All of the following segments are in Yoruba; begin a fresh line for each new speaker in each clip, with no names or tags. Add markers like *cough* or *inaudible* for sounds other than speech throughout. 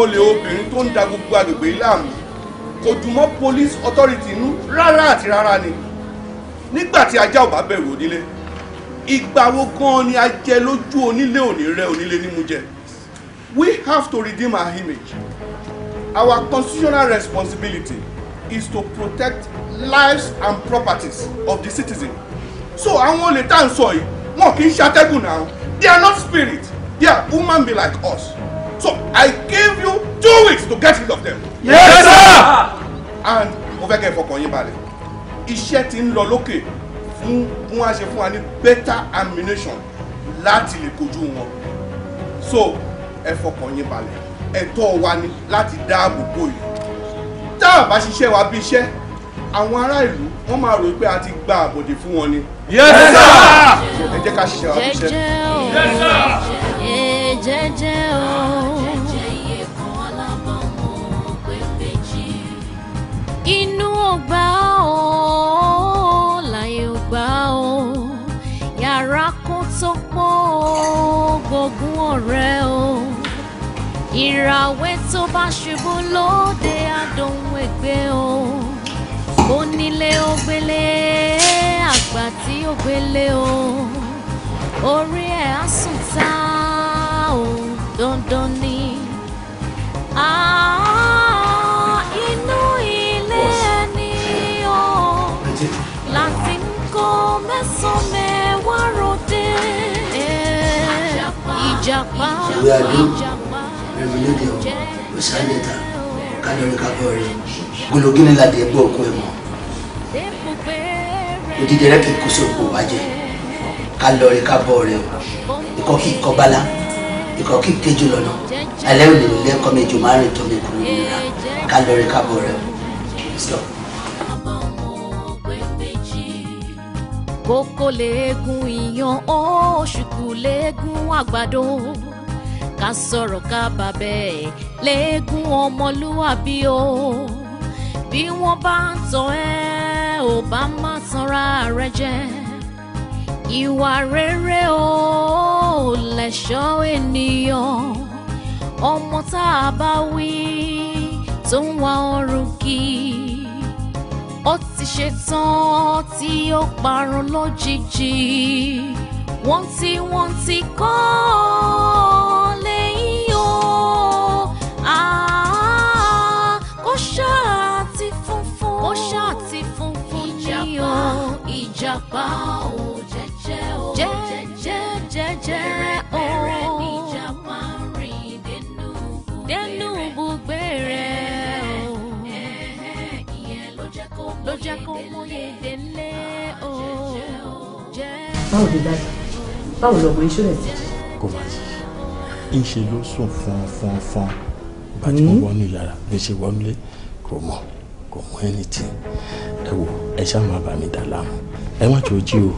olè obìnrin tó ń da gbogbo agbègbè láàmú kò dùn mọ́ police authority nú rárá àti rárá ni nígbà tí ajá ò bá bẹ̀rù onílé ìgbà wo gan ni a jẹ lójú onílé òní rẹ onílé nímú jẹ we have to redeem our image our constitutional responsibility is to protect lives and properties of the citizen so àwọn olè tá à ń sọ yìí wọn kì í ṣe atẹ́gùn náà they are not spirit Yeah, woman be like us. So I gave you two weeks to get rid of them. Yes, yes sir. And over fẹ́ for ẹ Bale, yín balẹ̀. Iṣẹ́ ti ń lọ lókè fún bí wọ́n fún wa ní better ammunition láti lè kojú wọn. So ẹ fọkàn yín balẹ̀. Ẹ̀tọ́ wa ni láti dáàbò bò yìí. Tá a bá ṣiṣẹ́ wa bí iṣẹ́ àwọn ará ìlú wọ́n máa rò pé a ti gba àbòdè fún wọn ni. yes sir. ẹ jẹ́ ká ṣiṣẹ́ àwọn iṣẹ́. yes sir. jẹ́jẹ́ o.
inú ò gbà ó láyé ò gbà ó yàrá kó tó pọ̀ gbógun ọ̀rẹ́ o ìràwé tó bá ṣubú lóde àdóhùn ẹgbẹ́ o onílé ògbélé àgbà tí ó o orí ẹ̀ á sùn tá ò dandan ni. inú ilé ẹni o láti ń kó mẹ́sàn-án mẹ́wàá ròde ìjàpá ìjàpá jẹ́
ẹ̀rọ. Kálọ̀rí kábọ̀ rẹ̀, gbologínlá dẹ̀ gbọ́ ọkọ ẹ̀ mọ́ òdìdí rẹ kì í kó sí òkú wájẹ
ká lọ rí ká bọ rẹ ikọ kí ikọ bala ikọ kí kéjú lọnà alẹ́ òní lẹ́kọ́ méjì márùn tó mi kúrò nira ká lọ rí ká bọ rẹ o.
kókó léegun ìyan oṣùkú léegun àgbàdo ká sọ̀rọ̀ ká bàbẹ́ léegun ọmọlúwàbí o bí wọ́n bá ń tọ́ ẹ́ ò bá má tanra rẹ jẹ ìwà rere o lẹ̀ṣọ́ ènìyàn ọmọ tá a bá wí tó ń wá ọrùn kì ó ti ṣe tí ó parun lójijì wọ́n ti wọ́n ti kọ́ ọ. ìjàpá ò jẹ́jẹ́ ò jẹ́jẹ́ jẹ́jẹ́rẹ́ ò bẹ̀rẹ̀ ìjàpá rìn dénú dénú bùgbé rẹ̀ ò ìyẹn ló jẹ́ kó mọyé
délé ò jẹ́jẹ́. báwo ni dájú báwo lọmọ insurance.
kò máa ṣe ń ṣe ló sùn fún fún fún bá tí mo hmm? wọnú yàrá bí ṣe wọnúlé kò mọ kò mọ anything ẹ wò ẹ ṣáà má bà mí dà láàmú ẹ má jò jí o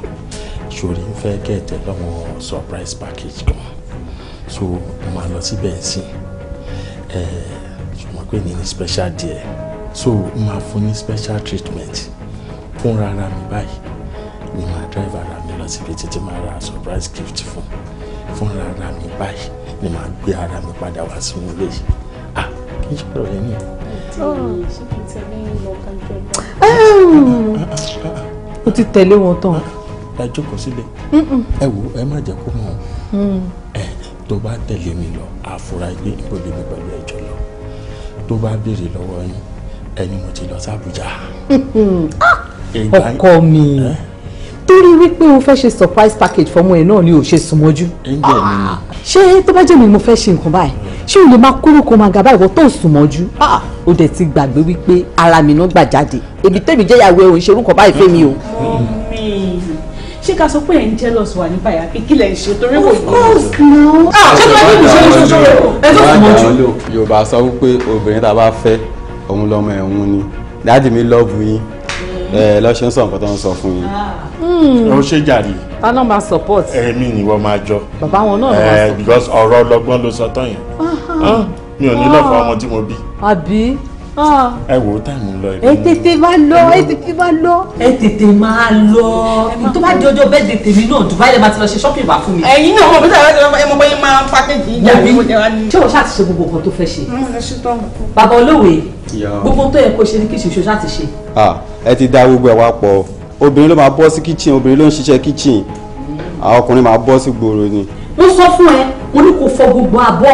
ṣòrí ń fẹ́ kẹ̀tẹ̀ lọ́wọ́ surprise package kan so mo máa lọ síbẹ̀ sí ẹ ṣùgbọ́n pé ní ní special díẹ̀ so mo máa fún ní special treatment fúnra ara mi báyìí ni màá drive ara mi lọ síbi títí máa ra surprise gift fún fúnra ara mi báyìí ni màá gbé ara mi padà wá sínú ilé yìí ah kí n sọ̀rọ̀ yẹn ni.
ṣé kìí tẹ̀lé ìlọ kan jẹ́
bá ti tẹ̀lé wọn tán. ẹ jókòó sílẹ̀ ẹ wo ẹ má jẹ́ kó mọ̀
mm. ẹ
tó bá tẹ̀lé mi lọ àfúrá ilé ìbòlè mi pẹ̀lú ẹjọ́ lọ tó bá béèrè lọ́wọ́ yín ẹni mo ti lọ sí Àbújá. Ah! ọkọ mi. Eh?
torí wípé o fẹ́ ṣe surprise package fọmọ ẹ̀ náà ni o ṣe sùn mọ́jú. Ah, ṣé tó bá jẹ́ mi mo fẹ́ ṣe nǹkan báyìí ṣé o lè máa kúrò kó máa ga báyìí wọ́n tó sùn mọ́jú. Ah, o dẹ̀ ti gbàgbé wípé ara mi náà gbà jáde èmi tẹ̀mí jẹ́yàwó ẹ̀ ò ń ṣerú kan báyìí fẹ́mi o. ṣé ká sọ pé ẹ̀ ń jealous wà ní báyà pé kí lẹ̀ ń ṣe torí wò ó. of course no. Ah, ṣé tó bá jẹ́ mi ṣe oṣooṣo rẹ̀ ẹ̀ tó sùn
mọ́jú. Yorùbá sọ wípé obìnrin tá a bá fẹ́ òun lọmọ ẹ̀ ń ni dáàdì mi
ẹ lọ ṣe ń sọ nǹkan tó ń sọ fún yín.
Hmm. ó ṣe jàre. ta
náà máa support. èmi ni wọ́n máa jọ. bàbá wọn náà máa support. because ọ̀rọ̀ ọlọ́gbọ́n ló sọ tán yẹn
ah, mi ò ní lọ́fọ̀ ah. ọmọ tí mo bí. àbí ah.
ẹ wo táìmù lọ ẹ
tètè máa lọ ẹ tètè máa lọ. ẹ tètè máa lọ tó bá di ọjọ́ bẹ́ẹ̀ tètè mi náà Dubai lè máa ti lọ ṣe shopping bá fún mi. ẹ̀yin náà mo bí sábà ẹ mọ bóyá máa ń pàkéjì ìjà mi. ṣé o ṣáà ti ṣe gbogbo nǹkan tó fẹ́ ṣe. bàbá olówe gbogbo tó yẹ kó ṣe ní kí ṣe ṣe o ṣáà ti ṣe
ẹ ti da gbogbo ẹ̀ wá pọ̀ obìnrin ló máa bọ́ sí kitchen obìnrin ló ń ṣiṣẹ́ kitchen àwọn ọkùnrin máa bọ́ sí gbòòrò ni.
mo sọ fún ẹ mo ní kó fọ gbogbo abọ́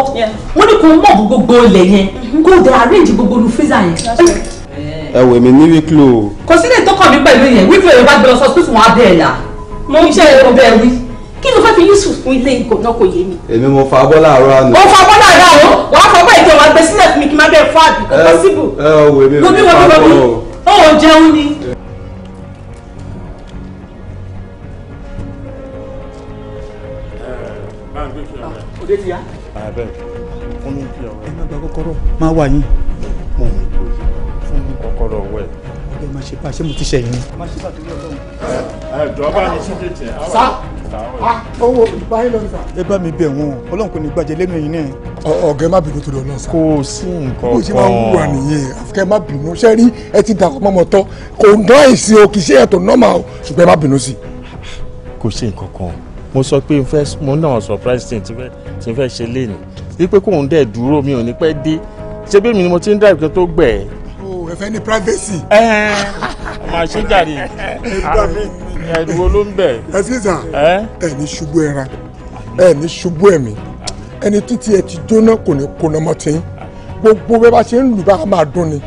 mo ní kó mọ̀ gbogbo ilẹ̀ yẹn mm-hmm. kó dẹ̀ arrange gbogbo olú freezer yẹn.
ẹ wò mí ní wíkìlò.
kò sí lè tọkàn mi pẹ̀lú yẹn wíkìlò yẹn bá gbé lọ sọ sísun wọn abẹ́ ẹ̀ là mo ń ṣe ọbẹ̀ wí kí ló fẹ́ fi yusuf fún ilé ìgò náà kò yé mi.
èmi mo fa abọ́ láàárọ̀ àná. mo fa abọ́ láàárọ̀
àná wàá fọ abọ́ ìjọba gbé sílẹ̀ fún mi kí n má bẹ́ẹ̀ fọ́ àbí kò
pọ́síbù. ẹ ẹ wò mí mo fa abọ́
ó ò jẹun ni.
òde ah, ti yá. abẹ́ fún mi kí ọ̀rẹ́. ẹ má gba kọ́kọ́rọ́ máa wà yín. mo ń kó fún mi kọ́kọ́rọ́ wẹ̀. ọgbẹ́ máa ṣe bá a ṣé mo ti ṣẹ̀yìn.
máa ṣe bá a tó yẹ ẹ ẹ jọba ní sídìtì. sá. Ah, owó báyìí lọ sà. ẹ bá mi bẹ̀ wọ́n ọlọ́run kò ní gbàjẹ́ lẹ́nu yìí náà. ọ̀gá ẹ má bínú torí ọlọ́run sà. kò sí nǹkan kan. bó ṣe máa ń wúwa nìyẹn àfikẹ́ má bínú ṣẹ́ rí ẹ ti dàgbọ́ mọ́mọ́ tọ́ kò ń dán àìsí o kì í ṣe ẹ̀tọ́ nọ́mà o ṣùgbọ́n ẹ má bínú sí.
kò sí nǹkan kan mo sọ pé mo náà surprise tí n fẹ́ ṣe léni wípé kóun dẹ̀ dúró mi ò ní pẹ́ dé ṣé bí mi ni mo ti ń dá ìkan tó gbẹ̀. o ẹ fẹ́ ní privacy. ẹ ẹ máa ṣe ẹ̀rù wo ló ń bẹ̀.
ẹ sísà ẹ ní ṣubú ẹran ẹ ní ṣubú ẹ̀mí ẹni títí ẹ ti jóná kò ní kóná mọ́tí gbogbo bẹ́ẹ̀ bá ṣe ń lù bá a máa dún ni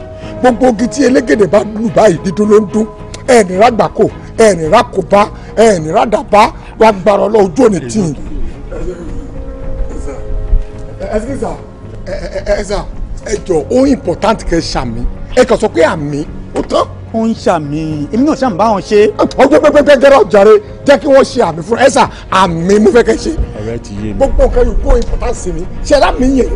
gbogbo igi tí elégèdè bá
lù báyìí dídún ló ń dún ẹ ní rágbàkó ẹ ní rákòbá ẹ ní rádàbá
wàá gbàrọ̀ lọ ojú òní tì í. ẹ sísà ẹ ẹ ẹ sà ẹ jọ ó important kẹ ṣàmì ẹ kàn sọ pé àmì ó tán ó ń ṣàmì èmi náà ṣàmì báwọn ṣe. ọjọ́ pẹ́pẹ́pẹ́ gẹ́rẹ́ ọ̀jàre jẹ́ kí wọ́n ṣe àmì fún ẹ̀sà àmì mú fẹ́kẹ́ ṣe. ọ̀rẹ́ ti yé mi. gbogbo nǹkan yòókù ìpọ̀tánsì mi ṣe lámì yẹn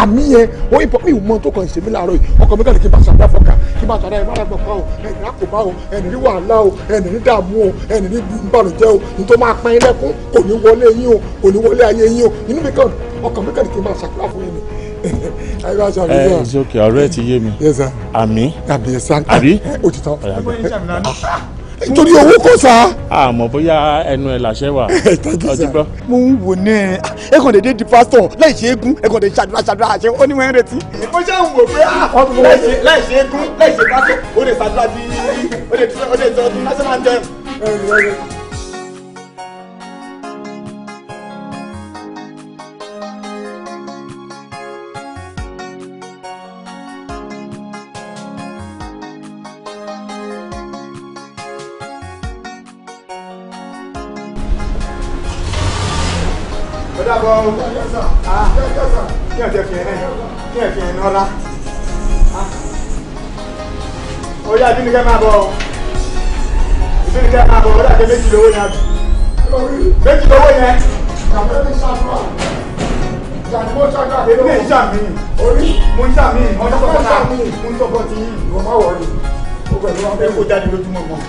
àmì yẹn ó yìí pọ̀pọ̀ ìwọ̀n tó kàn ṣe mí láàárọ̀ yìí ọkọ̀ mi kàn ní kí n bá ṣàdá fọ́kà kí n bá ṣàdá ìbára gbọ̀ká o ẹ̀nì àkóbá o ẹ̀nì ní wàhálà o ẹ̀nì ní dààmú o ẹ̀nì ní ìbànújẹ́ o ní máa pa ẹ lẹ́kún kò ní wọlé yín o kò ní wọlé ayé yín o inú mi kàn ọkọ̀ mi kàn ní kí n bá ṣàdá fún yín ni ẹ eh, it's
okay ọ̀rọ̀ ẹ ti yé mi àmì àbí ó ti tán
torí owó kò sá.
àmọ́ bóyá ẹnu ẹ̀ làṣẹ wà. ọtí *laughs* gbọ́.
mo ń wò ní ẹ kàn déédéé di pásítọ̀ láì ṣe é gún ẹ kàn déédéé ṣàdúrà ṣàdúrà àṣẹ ó ní wọ́n ń retí. mo ṣe ń wò pé ah, láì ṣe é gún láì ṣe pásítọ̀ ó lè ṣàdúrà bíi ó lè sọ ọdún national anthem. ọ̀la orí àbínikẹ́ máa bọ̀ àbínikẹ́ máa bọ̀ orí àbínikẹ́ méjì lówó yẹn méjì lówó yẹn. ìyàwó mi ṣàdúrà ìyàwó ṣàdúrà lé lọ́wọ́. mi ń ṣàmì orí mo ń ṣàmì ọjọ́ tó kọ́ta mo ń sọ̀bọ̀ tí yìí. ìwọ máa wọ̀ ọ́ ni. ó pẹ̀lú àwọn ọmọ ẹ̀kọ́ jáde lójúmọ́ mọ́.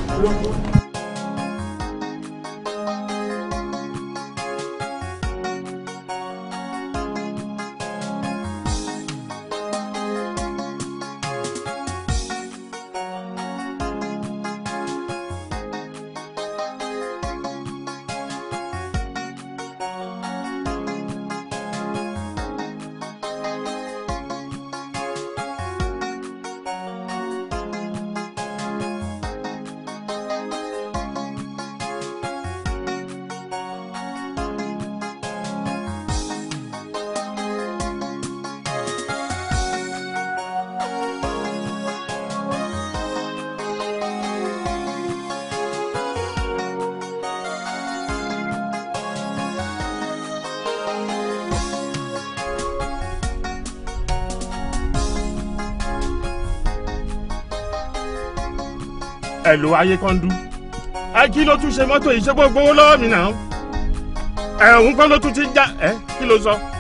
ẹ̀lò ayé kan dú ẹ kí ló tún ṣe mọ́tò yìí ṣé kó gbowó lọ́wọ́ mi
náà ẹ̀ òun kan ló tún ti já ẹ kí ló sọ. So?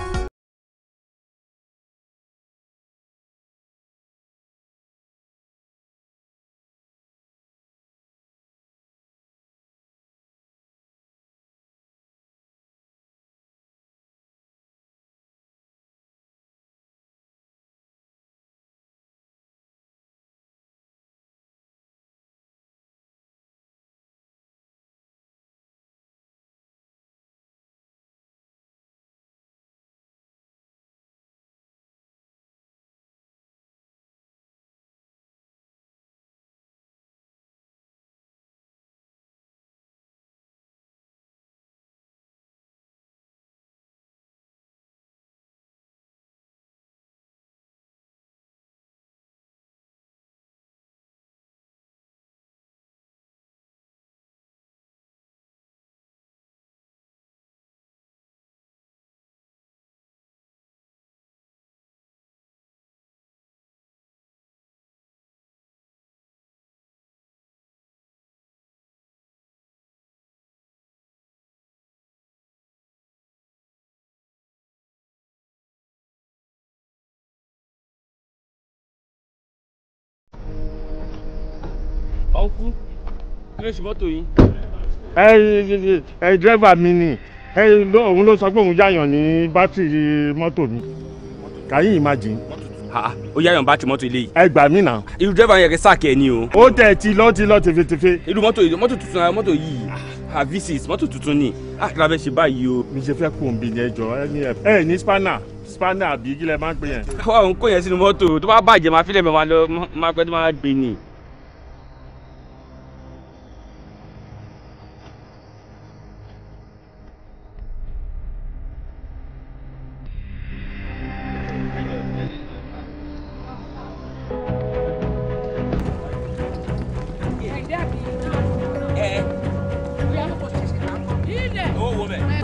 ọ̀nkú kílẹ̀ sí mọ́tò yìí. ẹ
ẹ dírẹ́fà mi ni ẹ òun ló sọ pé òun yáyàn ní bátìrì mọ́tò mi kàyí imagine
ó yá yàn bátìrì mọ́tò ilé yìí. ẹ gbà mí náà. irú dẹ́fà yẹn kẹ́ sáàkì ẹ ní o. ó tẹ̀ ti lọ ti lọ tefetefe. irú mọ́tò mọ́tò tuntun ara mọ́tò yìí avisis mọ́tò tuntun ni àkàrà bẹ́ẹ̀ ṣe báyìí o. mi ṣe fẹ́ kó n bí ní ẹjọ́ ẹ ní ẹ ẹ ní spanner spanner àbí kí lẹ máa ń pè yẹn. wà á kó yẹn sínú mọ́tò tó bá bàjẹ́ máa fílẹ̀ máa lọ máa pẹ́ tó máa gbé ni.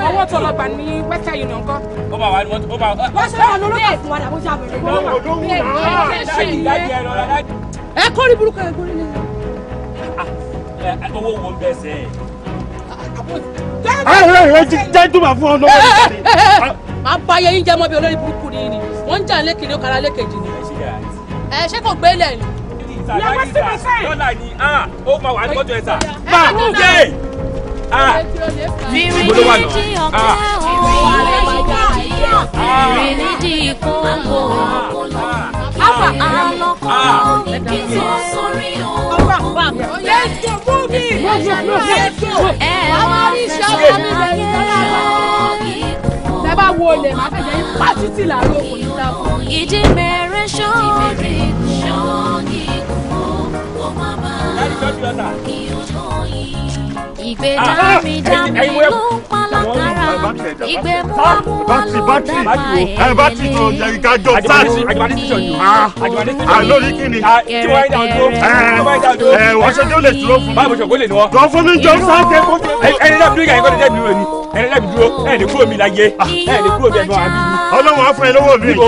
owó tó lọ gbà
ní western union kọ́. ó bá wa ni ó bá wa. wọ́n ṣe wà lórúkọ fún wa dàbó ṣe àbẹ̀rẹ̀ kọ́. olówó náà ṣe ìyẹn ẹ kọ́ ní burúkú ẹ gbórí nílẹ̀.
owó wo ń bẹ sẹ́ ẹ ẹ jẹ́ túbà fún ọ
lọ́wọ́. máa bá ayé yín jẹ́ mọ́ bí olórí burúkú ni yín ni wọ́n ń jà lẹ́kìnrin ọ̀kadà lẹ́kẹ̀jì ni. ẹ ṣé kò gbélé ni. ìyàwó sí mi sẹ́yìn.
dọ́là ni ó máa wà ní mọ́tò ẹ̀ sà. bá a kú jẹ́
fìrídìjì ọ̀gá òun fìrídìjì kóńgò àbà àlọ́kọ́ ní kí n tó sórí òun. lẹ́jọ̀ bómi ẹ wá fẹsẹ̀ ayé ẹ bá wo olè má fẹ́ jẹ́ ipá títí làárọ̀ kò ní ta fún. ìdí mẹ́rẹ̀ sọ́ọ̀nì kò má bàa kí o tó yìí ìgbé dámi dámi
ló ń pa látara ìgbé múwámú wá ló ń dábàá ẹ̀ lé lórí kíni ẹ wọ́n ṣe tó lè dúró fún mi dúró fún mi jọ sáké ẹni náà bí ẹni kọ́ ni jẹ́ dúró ni ẹni náà bí dúró ẹni kúrò mi láyé ẹni kúrò mi ẹnu àbí mi ọlọ́wọ́n á fún lọ́wọ́ mi ìjọ.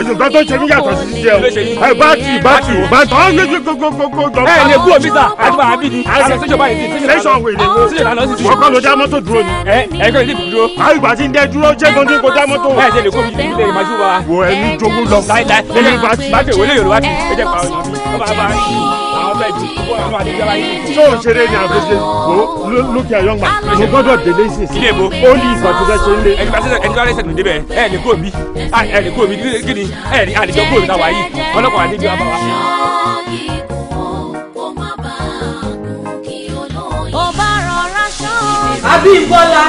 ìjọba tó ṣe níyàtọ̀ sí ṣe o. ẹ bá ti bá ti
gbogbogbò ẹ lè kú omi ta àdúrà
àbí ni àṣẹ ṣẹṣọ báyìí ti ṣẹṣọ ṣẹṣọ wò lè kó ṣẹṣọ ọkọ ló dá mọ́tò dúró ni. ẹ ẹ kọ́ ìdí dúró. àwọn ìgbà ń dẹ dúró jẹ́ gan-an kó dá ẹ ṣe lè kó mi ju ilé lọ. láìláì lẹ́yìn bá ti. bá ti wọlé yorùbá ti ẹ jẹ́ pa ọ lẹ́jì fún àdìjára yìí. tó o ṣeré ní àgbèsè wo lókè àyọ̀ngbà mo gbọ́dọ̀ délé sí i. bo ó ní ìgbà tó fẹ́ ṣe ń lé. ẹni bá ẹni bá rẹsẹ̀ nídìí bẹ́ẹ̀ ẹ̀ ní kó mi ẹ̀ ní kó mi gíní ẹ̀ ní àdìjọ kó mi náà wáyé ọlọ́kọ̀ àdìjọ àbáwá.
ọba rọra ṣán. àbí ìbọlá.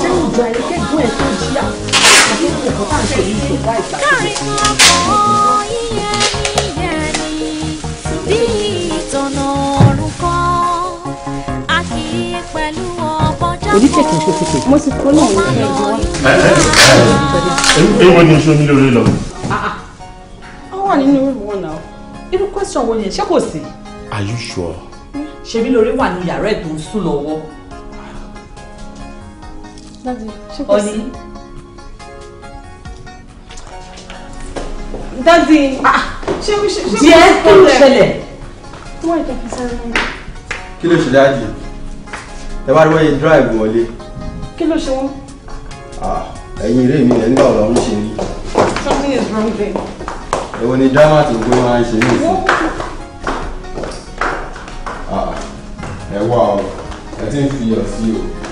jẹ́ ìjọ àyíkẹ́gbọ́n ẹ̀ tó jíyà àti ìkọ̀kọ̀ tá à ń pè ní ìjọba ìgbà
oníṣègùn ṣòkòtò mo sì kọ́ lóun ní ẹ̀jọ̀ wá. èwo ni iṣu mi lórí lọ.
ó wà nínú room one now irú question wo ni ẹ ṣé kò sí.
are you sure.
ṣebí lórí wà ní yàrá ẹ̀ tó ń sùn lọ́wọ́.
dadi ṣé kò
sí. dadi ṣé ṣé ṣé kò sí. díẹ̀ kí ló ṣẹlẹ̀.
kí ló ṣẹlẹ̀ àjẹ́ ẹ wá rí wọ́n drive wọlé. kí ló ṣe wọ́n. ẹ̀yin eré mi ẹ̀ ń gbà ọ̀rọ̀ ń ṣe ni.
something is wrong there.
èwo ni drama tó gbé wọn ṣe ní
ìsìn. ẹ wá ọ ẹ ti ń fi iyọ̀ sí o.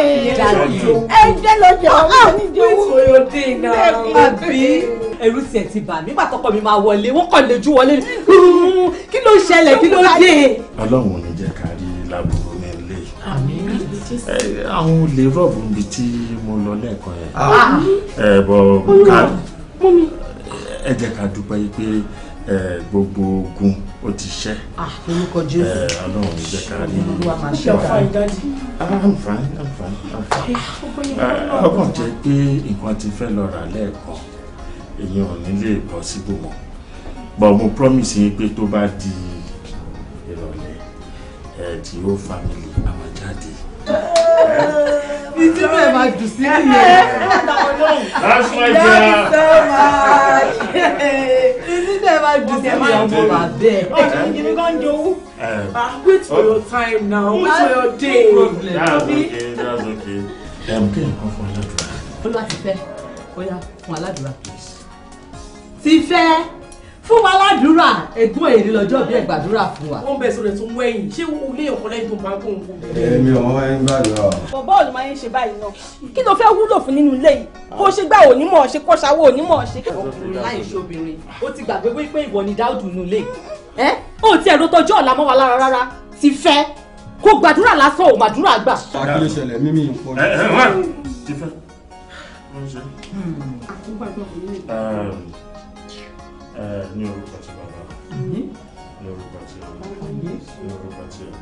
ẹjẹ lọ́jọ́ àmì ìdíwọ́ àbí ẹ̀rù tiẹ̀ ti bà mí pàtọkọ mi máa wọlé wọ́n kàn lè jú wọlé kí ló ṣẹlẹ̀ kí ló dé.
ọlọ́run ò ní jẹ́ ká rí lábúrò ní ilé
yìí
àwọn olè rọ̀bù níbi tí mo lọ lẹ́ẹ̀kan yẹn ẹ̀ bọ̀ ká ẹ jẹ́ ká dúpẹ́ yìí pé gbogbo ogun ó ti ṣẹ́. orúkọ jésù ọlọ́run jẹ́ ká rí i. olúwa máa ṣe ọ̀gá. i'm fine i'm ọkàn jẹ́ pé nǹkan ti fẹ́ lọ rà lẹ́ẹ̀kan èyí ò ní lè bọ́ síbò mọ́ but mo promise yín pé tó bá di ìrọ̀lẹ́ ẹ̀ tí ó family àwọn jáde.
ní tí bẹ́ẹ̀ máa dùn sí nìyẹn.
that's my dear. *laughs* never do the man go my bed. Okay, you can do. Wait for oh. your time now. Wait for your
day. That's okay. That's okay. I'm kí nǹkan fún aládùúrà.
Olúwa ti fẹ́, ó yá fún aládùúrà please. See fair fún wa ládùúrà ẹ̀gbọ́n èrè lọ́jọ́ bí ẹ gbàdúrà fún wa. wọ́n bẹ̀rẹ̀ sọ̀rọ̀ tó ń wẹ̀yìn ṣé ilé ọ̀kan lẹ́yìn tó máa ń tó ń wọ. èmi ò
wáyé ń gbàdúrà.
bọ̀bọ́ ò ní máa ń ṣe báyìí náà kí ló fẹ́ wúlò fún nínú ilé yìí kó ṣe gbà ò ní mọ̀ ṣe kó ṣàwọ̀ ò ní mọ̀ ṣe. ọkùnrin láì ṣe obìnrin ó ti gbàgbé wípé ìwọ ni dáúdù nù lé ẹ ó ti ẹ̀rọ tọjọ́ ọ̀la mọ́ wa lára rárá ti fẹ́ kó gbàdúrà lásán ò màdúrà gbà. sákìlì
ṣẹlẹ̀ mímí ìpọ́n. ẹ ẹ wá ti fẹ́ ní orúkọ tí bàbá ní you tí ọmọ ní orúkọ tí ọmọ.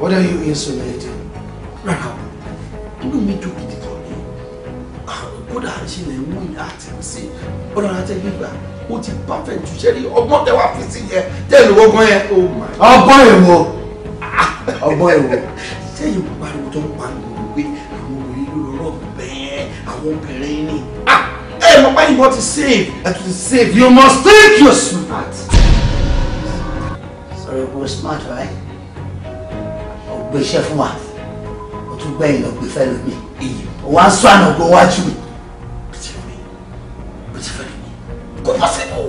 What are you insinuating? Rárá, are
mi dùn gidi kan ni.
Ah, kódà ìṣẹ̀lẹ̀ mú ìyá àti ìsìn, ọlọ́run àtẹ̀gbẹ́gbà
ó
ti
perfect jù sẹ́rí ọgbọ́n tẹ́wàá fi sí yẹ ọgbọ́n ẹ̀wọ̀ sẹ́yìn mo pariwo tó ń pa gbogbo pé àwọn obìnrin ló lọ́rọ̀ bẹ́ẹ̀ àwọn obìnrin ni ẹ mọ̀ pé you want to save and to save you must think you're smart. sorry go smart right
ọgbẹ́ iṣẹ́ fún wa o tún gbẹ̀yìn lọ gbé fẹ́ lómi òun á
sọ àná ògbó wájú mi kò pàṣẹ bò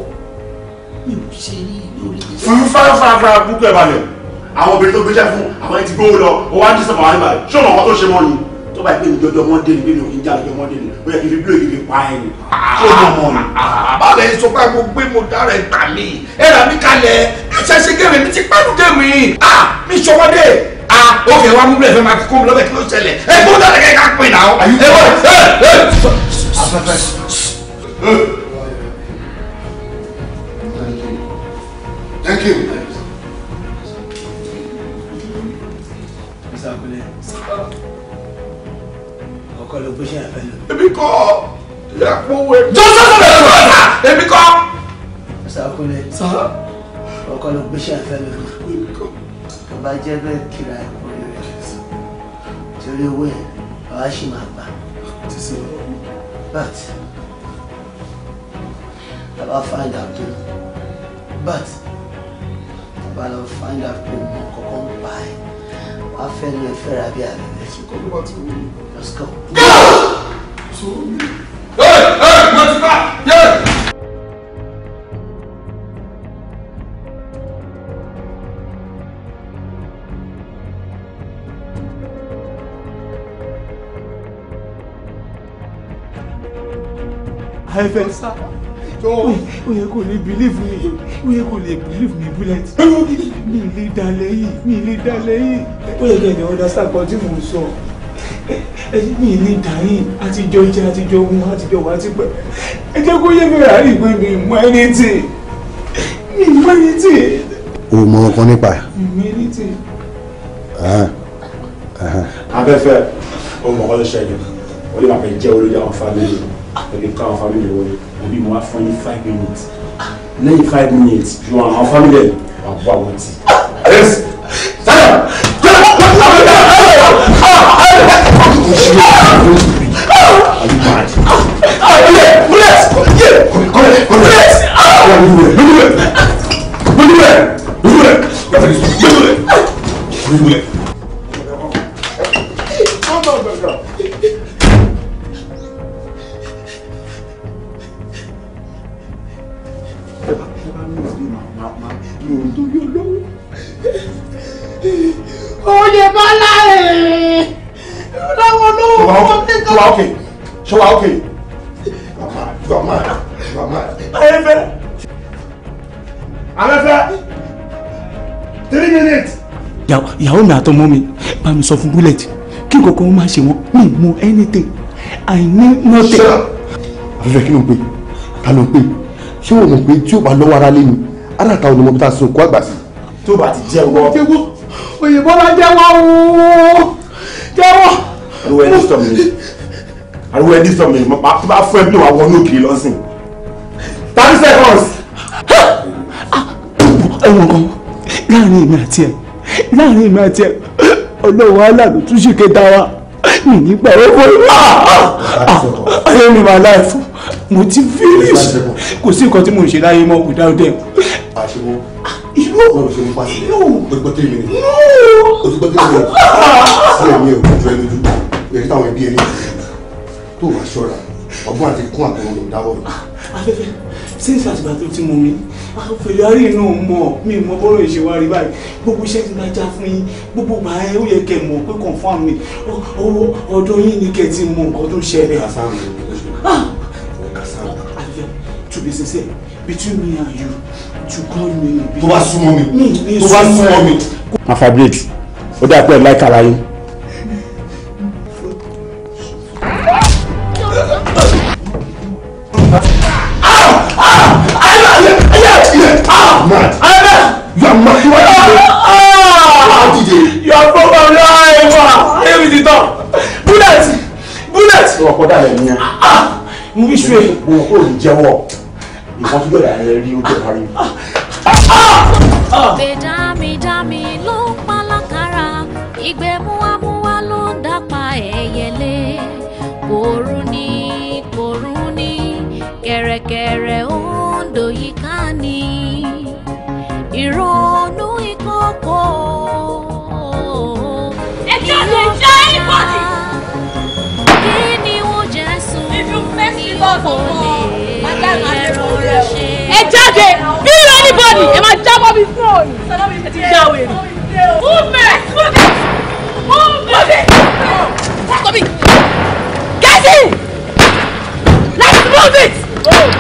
mi ò ṣe ní
lórí. fún fáfáfá kúkẹ́ balẹ̀ àwọn obìnrin
tó gbéṣẹ́ fún àwọn ti gbówó lọ ó wá ń dísọ̀ àwọn àgbà ṣé ọmọ tó ṣe mọ́ ni tó bá gbé mi jọjọ wọn dé ni bí
mi ò kí ń jà lọ́jọ́ wọn dé ni ó yẹ kí n fi bílò yìí fi pa ẹ̀ ni ṣé ọmọ mọ́ ni. àbálẹ̀ sọ pé mo gbé mo dára ẹ̀ gbà mí ẹ̀ rà mí kalẹ̀ ẹ̀ ṣẹ̀ṣẹ̀ gẹ̀rẹ̀ mi ti pẹ́ẹ́nu gẹ̀mí ah mi ṣọwọ́dé ah ó fẹ́ wá mú bẹ́ẹ̀ fẹ́ máa kó mi lọ́bẹ̀ kí ló ṣẹlẹ̀ ẹ gbọ́dọ̀ dára kẹ́kẹ́ ká pè náà ẹ wọ́n ẹ ẹ. afẹ́fẹ́
Thank you.
kọlu
gbèsè àpẹlú.
èmi kọ́ ìyàpọ̀wé. jọ́sọ̀ bẹ̀rẹ̀ lọ́sà èmi kọ́.
ọ̀sà kúlẹ̀ ọkọ ló gbèsè àfẹ́lẹ́ tó bá jẹ́ bẹ́ẹ̀ kíra ẹ̀kọ́ rẹ̀ torí owó ẹ̀ àwa sì máa gbà. but bàbá find out too. but bàbá lọ find out too. mo kọ́kọ́ ń pa ẹ̀
wá fẹ́ lọ ẹ̀ fẹ́ra bí àbẹ̀. She come back to Let's go. Go! hey, hey, what's that? Yeah! I have ó yẹ kó lè believe me. ó yẹ kó lè believe me, bullet mi lè dá lẹ́yìn mi lè dá lẹ́yìn ó yẹ kẹ́ understand kan tí mò ń sọ ẹyí mi lè dá yìn àtijọ́ jẹ́ àtijọ́ mu àtijọ́ wá ti pẹ́ ẹ jẹ́ kó yẹ mi rà rí pé mi mọ ẹni tì mi mọ ẹni tì. o mọ ọkàn nípa ẹ. mi mọ ẹni tì.
afẹ́fẹ́ o mọ̀ ọ́ ló ṣẹlẹ̀ o lè máa fẹ́ jẹ́ olóyè àwọn fámìlì o ká àwọn fámìlì wọlé òbí mo wá fún yín five minutes
lẹ́yìn five minutes ju àwọn family ẹ̀ wà bọ́ àwọn tì.
Bullet! Bullet! Bullet! ìyàwó mi àtọmọ mi bá mi sọ fún bullet kí nǹkan kan má ṣe wọn mi mọ anything
i need nothing. afẹ́fẹ́ kí ló ń pè ta ló ń pè ṣé o mọ̀ pé tí o bá lọ́wọ́ ara lé mi ara ta ònà mọ̀bí ta sí òkú àgbà sí. tó bá ti jẹ́ wọ́.
òyìnbó la jẹ́wọ́ ooo jẹ́wọ́. ariwo ẹni sọ mi ariwo ẹni sọ mi bá fún ẹbí wa wọnú òkè lọ́sìn thirty seconds.
Ah, ẹ̀wọ̀n kan láàrin èmi àti ẹ̀ láàrin ìmọ̀ àti ẹ̀ ọlọ́wọ́ aláàlú tún ṣe kẹta wa mi nígbà ẹ ah, ah, ah, ayé mi máa láì mo ti finish kò sí nǹkan tí mo ń ṣe láyé mọ́ without them. àṣìwò ìlú ìlú gbẹgbẹ three minutes o ti gbẹ three minutes sí ẹ̀mí ẹ̀ ojú ẹni ojú ẹ̀rí táwọn ẹbí ẹni tó wàá ṣọ́ra ọgbọ́n àti kún àtọ̀run ló dáwọ́ rẹ̀ sínsì àtìgbà tó ti mú mi àpèlè àárí inú mọ mi mọ bọ́rọ̀ ìṣe wa rí báyìí gbogbo iṣẹ́ ti máa já fún yín gbogbo gbà ẹ ó yẹ kẹ́ mọ̀ pé confam mi ọdún yín ni kẹ́ ti mọ nǹkan tó ṣẹlẹ̀. Ah! to be sincere between me and you to call me. tó bá súnmọ́ mi tó bá súnmọ́ mi.
ma fabrate
ó dà pé ẹ̀ láìka ara yín. iṣu ẹ̀. mo rò ò ní jẹ́wọ́ ìwọ́n tó dọ̀dà rẹ rí ojú ẹ̀ka rí.
Mèdàmídàmí ló ń pa ìgbẹ́ múwámúwá ló ń dápa ẹyẹlé. Kòrú ni kòrú ni, kẹ̀rẹ̀kẹ̀rẹ̀ ó ń dòyíká ni. Ìrònú ìkókó. ẹ jáde bí irú anybody ẹ máa jábọ́ bí fún òyìn ẹ ti já wèrè. múfẹ̀
múfẹ̀ múfẹ̀. Move it! Get
in! Let's move it! Move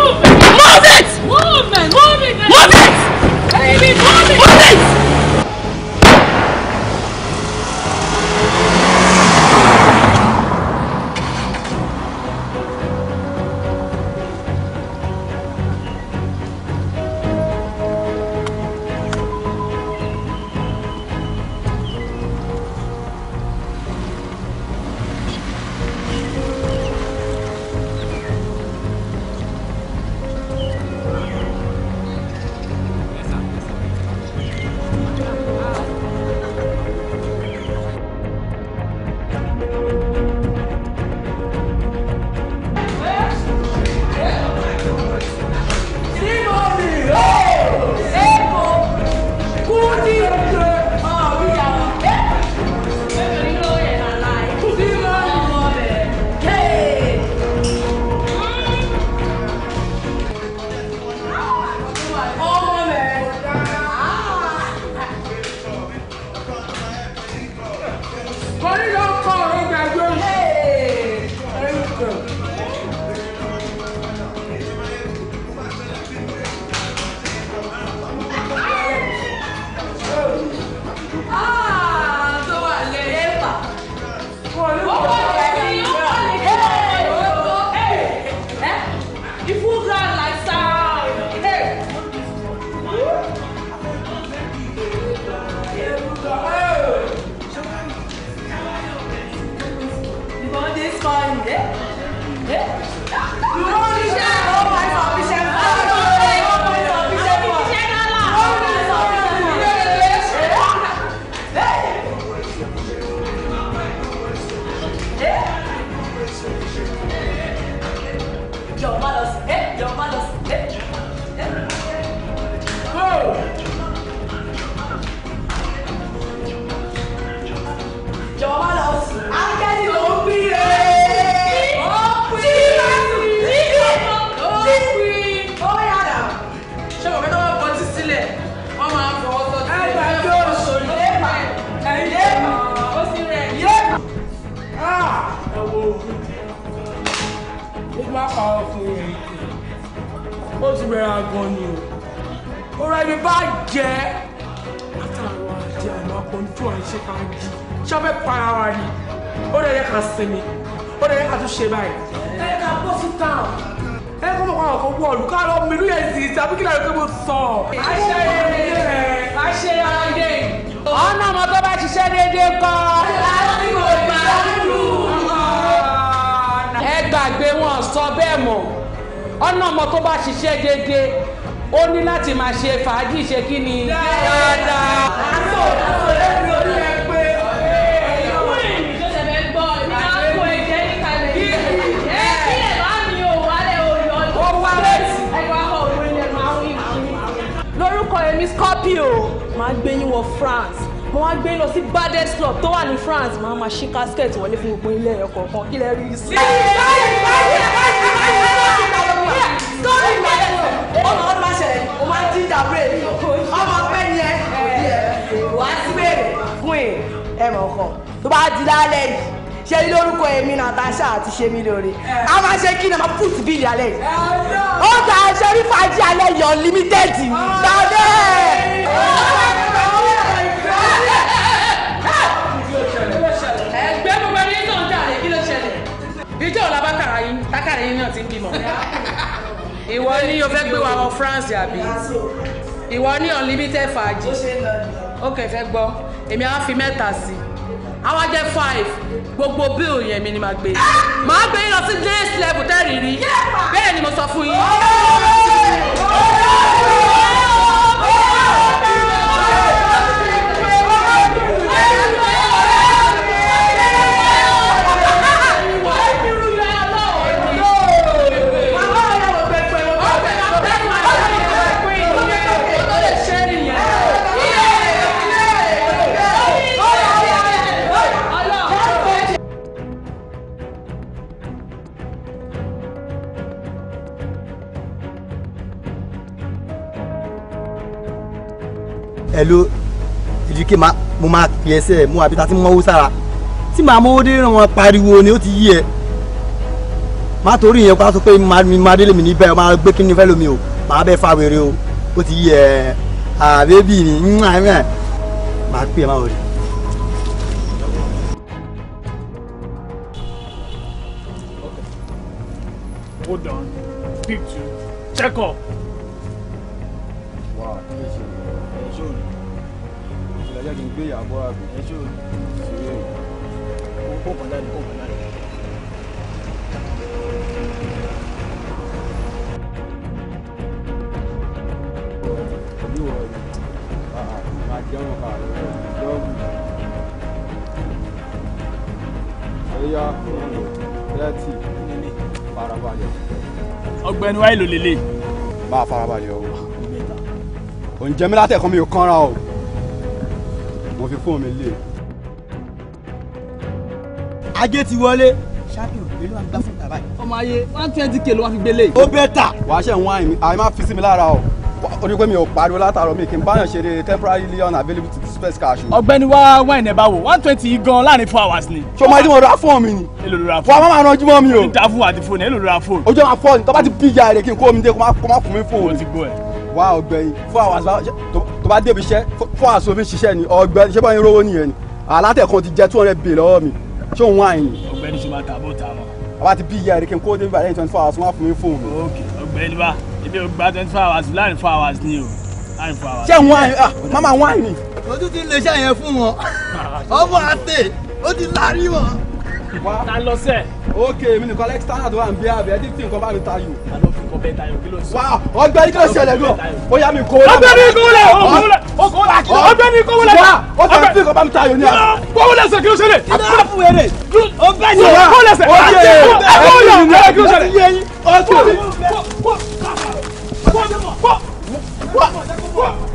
it! Move it! Move it! Move it! Move it! Move it!
sọ bẹ́ẹ̀ mọ̀ ọ̀nà ọmọ tó bá ṣiṣẹ́ déédéé ó ní láti máa ṣe fàájì ṣe kí ni. lórúkọ èmi Scorpio máa gbé yín wọ France mo wá gbé lọ sí baddest club tó wà ní France máa ma ṣí casket wọlé fún gbogbo ilé ẹ̀kọ̀ọ̀kan kí lè
rí i sí tó ní ìgbà yẹn ọmọ ọdún máa ṣẹlẹ̀ o máa ń
jíjà bírèkì ọmọ pẹ́ ni ẹ wàá sí bèrè fún ẹ ẹ mọ̀ ọkọ̀ tó bá di lálẹ́ yìí ṣe ní lórúkọ èmi Natasha àti ṣe mí lóore a máa ṣe kí ni a máa put bill alẹ́ yìí ó gbà ṣe rí fàájì alẹ́ yìí unlimited ni dáadé. ìjọ làbákàrà yín tákàrà yín náà ti ń bí ìwọ ní o fẹ́ gbé wa wọ France àbí ìwọ ní unlimited fàájì ó kẹ fẹ́ gbọ́ èmi á fi mẹ́ta sí i àwa jẹ́ five gbogbo bíl yẹn mi ni màá gbé màá gbé yín lọ sí next level tẹ́rì rí bẹ́ẹ̀ ni mo sọ fún yín.
hello ìdíkè mo máa fi ẹsẹ̀ mú àbí ta ti mọ́wó sára tí màá mọ́wó dé ràn wọ́n pariwo ni ó ti yí ẹ má torí yẹn pa sọ pé má délé mi níbẹ̀ má gbé kí ni fẹ́ lómi o má bẹ́ fa wèrè o ó ti yí ẹ àbẹ́bí ni má
pè má wọlé. Hold on. Picture. Check up.
ẹ ṣe òṣèré o kó kàn dáadé kó kàn dáadé. ọ̀gbẹ́ni wáyé ló lélẹ̀. bá a farabalẹ̀ o oúnjẹ mi látẹ̀kọ́ mi ò kánra o mo fi fóònù mi lé. E. ajé ti wọlé
champion
pẹ̀lú àgbà
fún bàbá
yìí. ọmọ ayé one twenty k ló wá fi gbélé. E. ó bẹ́ tà. wàá ṣe ń wá àyè máa fi sí mi lára o orí pé mi ò pariwo látàrọ mi kì í báyọ̀ ṣeré temporarily unavailable to disperse cash. ọ̀gbẹ́ni wá wáìnì ẹ bá wò one twenty gan láàrin four hours ni. ṣé o máa dín mo ra fóònù mi ni. èlò ló ra fóònù. wàá má máa ranjú mọ́ mi o. níta fún àti fóònù èlò ló ra fóònù. ojú àwọn fóònù tó bá ti bí ìyá rẹ kí n kó omi dé kó má kún mi fóònù. o ti gbọ́ ẹ. wá ọ̀gbẹ́ni four hours tó bá débi iṣẹ́ fún àṣọ fi ṣiṣẹ́ ni ọ̀gbẹ́ni ṣé báyìí rówó nìyẹn ni alátẹ̀kan ti jẹ́ two hundred bill lọ́wọ́ mi ṣé òun wà yìí.
ọ̀gbẹ́ni ṣe máa ta bó ta mọ.
àwa ti bí ìyá rẹ kí n kó débi bàtà twenty four hours wọn á fún mi fóònù. ok
ọ̀gbẹ́ni wa èmi ò twenty four hours láàrin four hours ni o láàrin four hours. ṣé òun wà yìí ah, mama wà yìí. ojú ti lè ṣe àyẹn
fún wọn ọmọ àtẹ ó ti láàrin wọn. ta lọ sẹ. ok mi nìkan alex tanner tó wà ń bí abẹ ẹ ti fi nǹkan ọ̀gbẹ́ni kí ló ṣẹlẹ̀ lọ ó yà mí kó lọ. ọ̀gbẹ́ni kó lọ kó
lọ kí lọ. ọ̀gbẹ́ni kó lọ. wa o tẹ fi kọ bá
mi ta yòó ni a.
kó lọ sẹ kí ló ṣẹlẹ̀. kí ló fún wẹrẹ.
ọ̀gbẹ́ni kó lọ sẹ. o yẹ ẹ kó lọ kí ló ṣẹlẹ̀.
ọ̀gbẹ́ni kó lọ.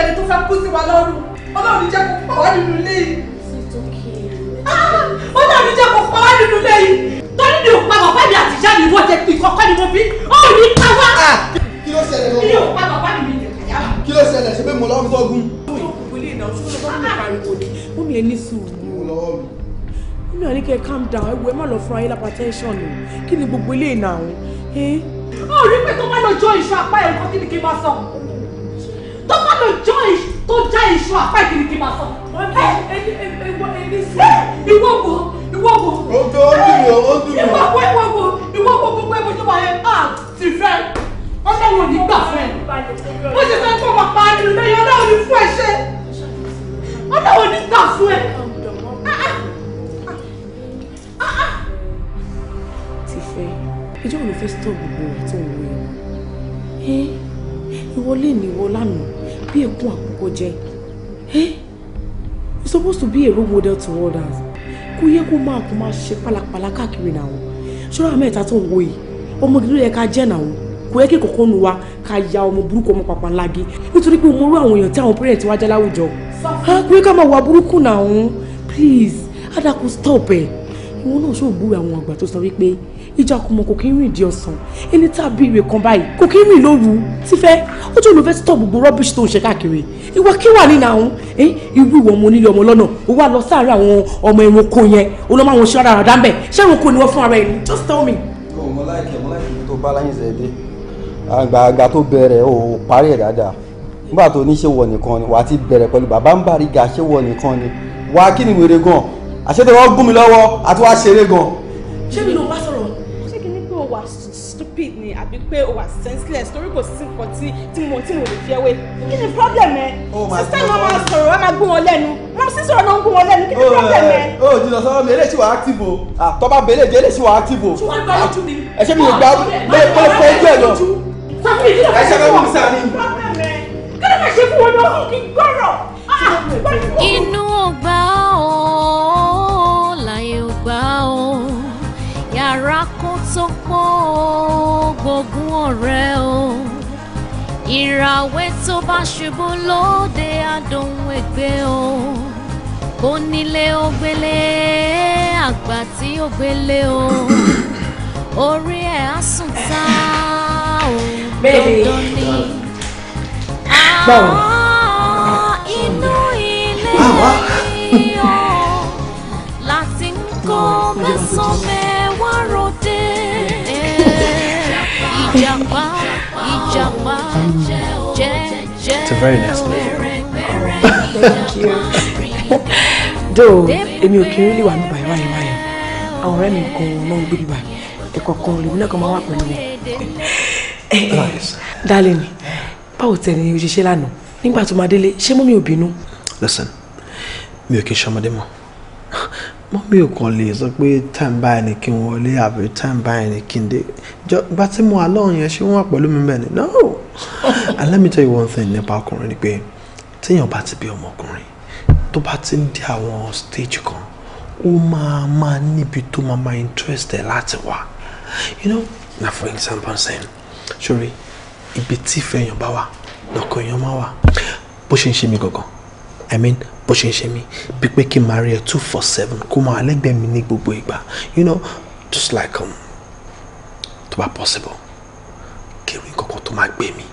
ẹni tó fẹ́ kú sí wa lọ́rùn ọlọ́run jẹ́ kó pa wá nínú ilé yìí. Ah! ọlọ́run jẹ́ kó pa wá nínú ilé yìí. torí mi ò pa bàbá mi àti ìyá mi wọ́n jẹ pé ìkọ́kọ́ ni mo bí ọ̀hún ní pa wá. Ah! kí ló ṣẹlẹ̀ lọ́wọ́ mi ò pa bàbá mi ní ìyá kí ló ṣẹlẹ̀ ṣe pé mo lọ́wọ́ fọ́gùn. mo mi ẹ ní sùúrù. mi ò ní kẹ́ calm down ẹ má lọ fún ayé lápá tẹ́ńsán ni kí ni gbogbo ilé ìnà àwọn. Eh? ọ̀rí pé tó bá lọ jọ ìṣọ lò jọ tó já iṣu àpá ìkìrìkì máa sọ. ẹ ẹ ẹ ẹ ẹ ìwọ wo ìwọ wo.
o tó o dùn yọ o dùn yọ. ìwọ wo
ìwọ wo ìwọ wo gbogbo ẹgbẹ tó bá yẹ á ti fẹ ọlọ́run ò ní gbà fún ẹ. bó ṣe fẹ́ kó máa pa á nínú lẹ́yìn ọlọ́run ní fún ẹ ṣe ọlọ́run ò ní gbà fún ẹ. ìjọba ò ní fẹ́ sọ gbogbo rẹ̀ tó ń wọ ìwọ ìwọlé ni ìwọ lánàá be a àkókò jẹ. You're supposed to be a role model to others. Kò yẹ kó máa kó máa ṣe pálapàla káàkiri náà. Ṣọ́ra mẹ́ta tó ń wo yìí, ọmọ gidi ló yẹ ká jẹ́ náà. Kò yẹ kí kọ̀ọ̀kan nu wa ká ya ọmọ burúkú ọmọ pàpà lági. Nítorí pé mo rú àwọn èèyàn tí àwọn parents wá jẹ́ láwùjọ. Kò yẹ ká máa wà burúkú náà. Please, Adako stop ẹ̀. Ìwọ náà ṣògbúrò àwọn àgbà tó sọ wípé ìjà ọkùnmọ̀ kò kí ń rìn di ọ̀sán ẹni tá a bí ìwé kan báyìí kò kí ń rìn lóru tífẹ́ ojú olùfẹ́ ti tọ̀ gbogbo rọ́bìṣì tó ń ṣe káàkiri ìwà kí wà nínú àwọn irú ìwọ ọmọ onílé ọmọ lọ́nà ó wà lọ sáàárín àwọn ọmọ ẹranko yẹn olọ́mọ àwọn ṣẹ́ra rà dáńbẹ̀ ṣé ẹranko ni wọ́n fún ara ẹni just tell me.
mo láìkẹ́ mo láìkẹ́ tó bá láyìn ṣẹ̀ dé àgbààgbà tó bẹ̀rẹ̀ ò parí ẹ̀ dáadáa nígbà tó ní ṣe wọ̀ nìkan ni wàá ti bẹ̀rẹ̀ pẹ̀lú bàbá ń bari ga ṣe wọ̀ nìkan ni wàá kí ni wèrè gan
àbí pé o wà senseless torí kò sí nǹkan tí tí mo tí mo lè fi ẹwé kí ni problem ẹ oh sísá wọn máa sọ̀rọ̀ wọn máa gún wọn lẹ́nu wọn sísọ náà ń gún wọn lẹ́nu kí ni oh, problem ẹ.
o jìnnà sọ̀rọ̀ mi eléyìí wà á active tọ́ba bẹ eléyìí eléyìí wà á active o. ẹ ṣe mi lè lè fẹ́ jẹ́ ẹ
ṣe fẹ́ mú mi
sáré. kí ló
máa ṣe fún wọn náà kí n gbọ́rọ̀ inú ọgbà ó láyé ọgbà ó yàrá kó tó pọ̀ ó gbógun ọ̀rẹ́ o ìràwé tó bá ṣubú lóde àdóhùn ègbé o onílé ògbélé àgbà tí ó o orí ẹ̀ á sùn tá òǹdọ́dọ́ ni àwọn inú ilé yìí o. very nice lady. thank you.
though èmi ò kí n rí wà mí báyìí wáyìí wáyìí àwọn ọ̀rẹ́ mi kan náà ń gbé bíbá ẹ̀kọ́ kan lèmi náà kan máa wà pẹ̀lú mi. *laughs* Eh, eh, darling báwo tẹ̀ ni òṣìṣẹ́ lánàá nígbà tó máa délé ṣé mọ́mí ò bínú.
listen mi ò kí n ṣọmọdé mọ́ *laughs* mọ́mí ò kàn lè sọ pé time báyìí ni kí n wọlé àbí time báyìí ni kí n dé bá tí mo wà lọ́hùn yẹn ṣé wọ́n wà pẹ̀lú mi bẹ́ẹ̀ ni no and let me tell you one thing nípa ọkùnrin ni pé téèyàn bá ti bí ọmọkùnrin tó bá ti ń dé àwọn stage kan ó máa máa níbi tó máa máa interest ẹ̀ láti wà you know na for example sẹ́yìn sori ibi tí ìfẹ́yàn bá wà lọ́kàn èèyàn máa wà bó ṣe ń ṣe mí gangan i mean bó ṣe ń ṣe mí bí pé kí n máa rí ẹ two four seven kó máa lẹ́gbẹ̀ẹ́ mi ní gbogbo ìgbà you know just like um, To bá possible kan tó máa gbé mi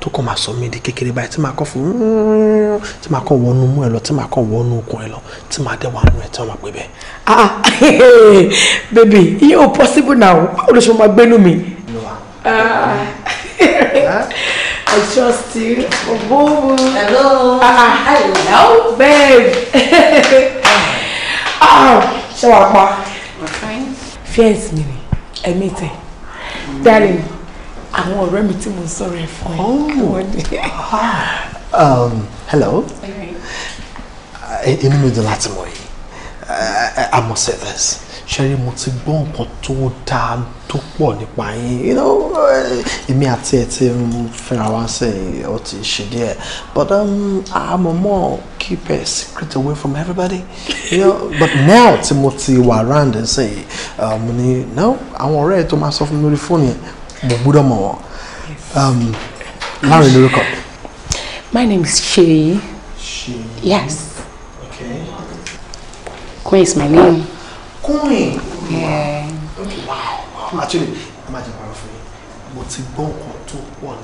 tó kàn máa sọ mí di kékeré báyìí tí màá kàn fún tí màá kàn wọnú mú ẹ lọ tí màá kàn wọnú okùn ẹ lọ tí màá dẹ̀ wọnú ẹ tí wọ́n máa gbé bẹ́ẹ̀. ah *laughs* baby
iye o possible now báwo ló ṣe máa gbénu mi.
Ah,
*laughs* I trust you. Bobo. Hello. Ah, ah. hello, babe. *laughs* ah, ṣé wàá pa? My friend. Fears mi ni, ẹ̀mí tẹ̀. Darling àwọn ọ̀rẹ́ mi tí mo sọ̀rọ̀ ẹ̀ fún ẹ oh. kí wọ́n dé. Ah.
Um, hello inú mi dùn láti mọ̀ yìí i must say this ṣẹ́rí mo ti gbọ́ nǹkan tó dáa tó pọ̀ nípa yín you know èmi àti ẹ̀ ti fẹ́ra wá sí ọ ti ṣe díẹ̀ but um, I'm a more keep a secret away from everybody you know but now ti mo ti wà round and say um, mo ní no àwọn ọ̀rẹ́ ẹ̀ tó máa sọ fún mi lórí fóònù yẹn mo gbọ́dọ̀ mọ̀ wọ́n
my name is Ṣèyí. Ṣèyí. yes. okay. Queen is my name. Queen. yeah.
okay wow actually imagine for fún but mo ti gbọ́ nǹkan tó you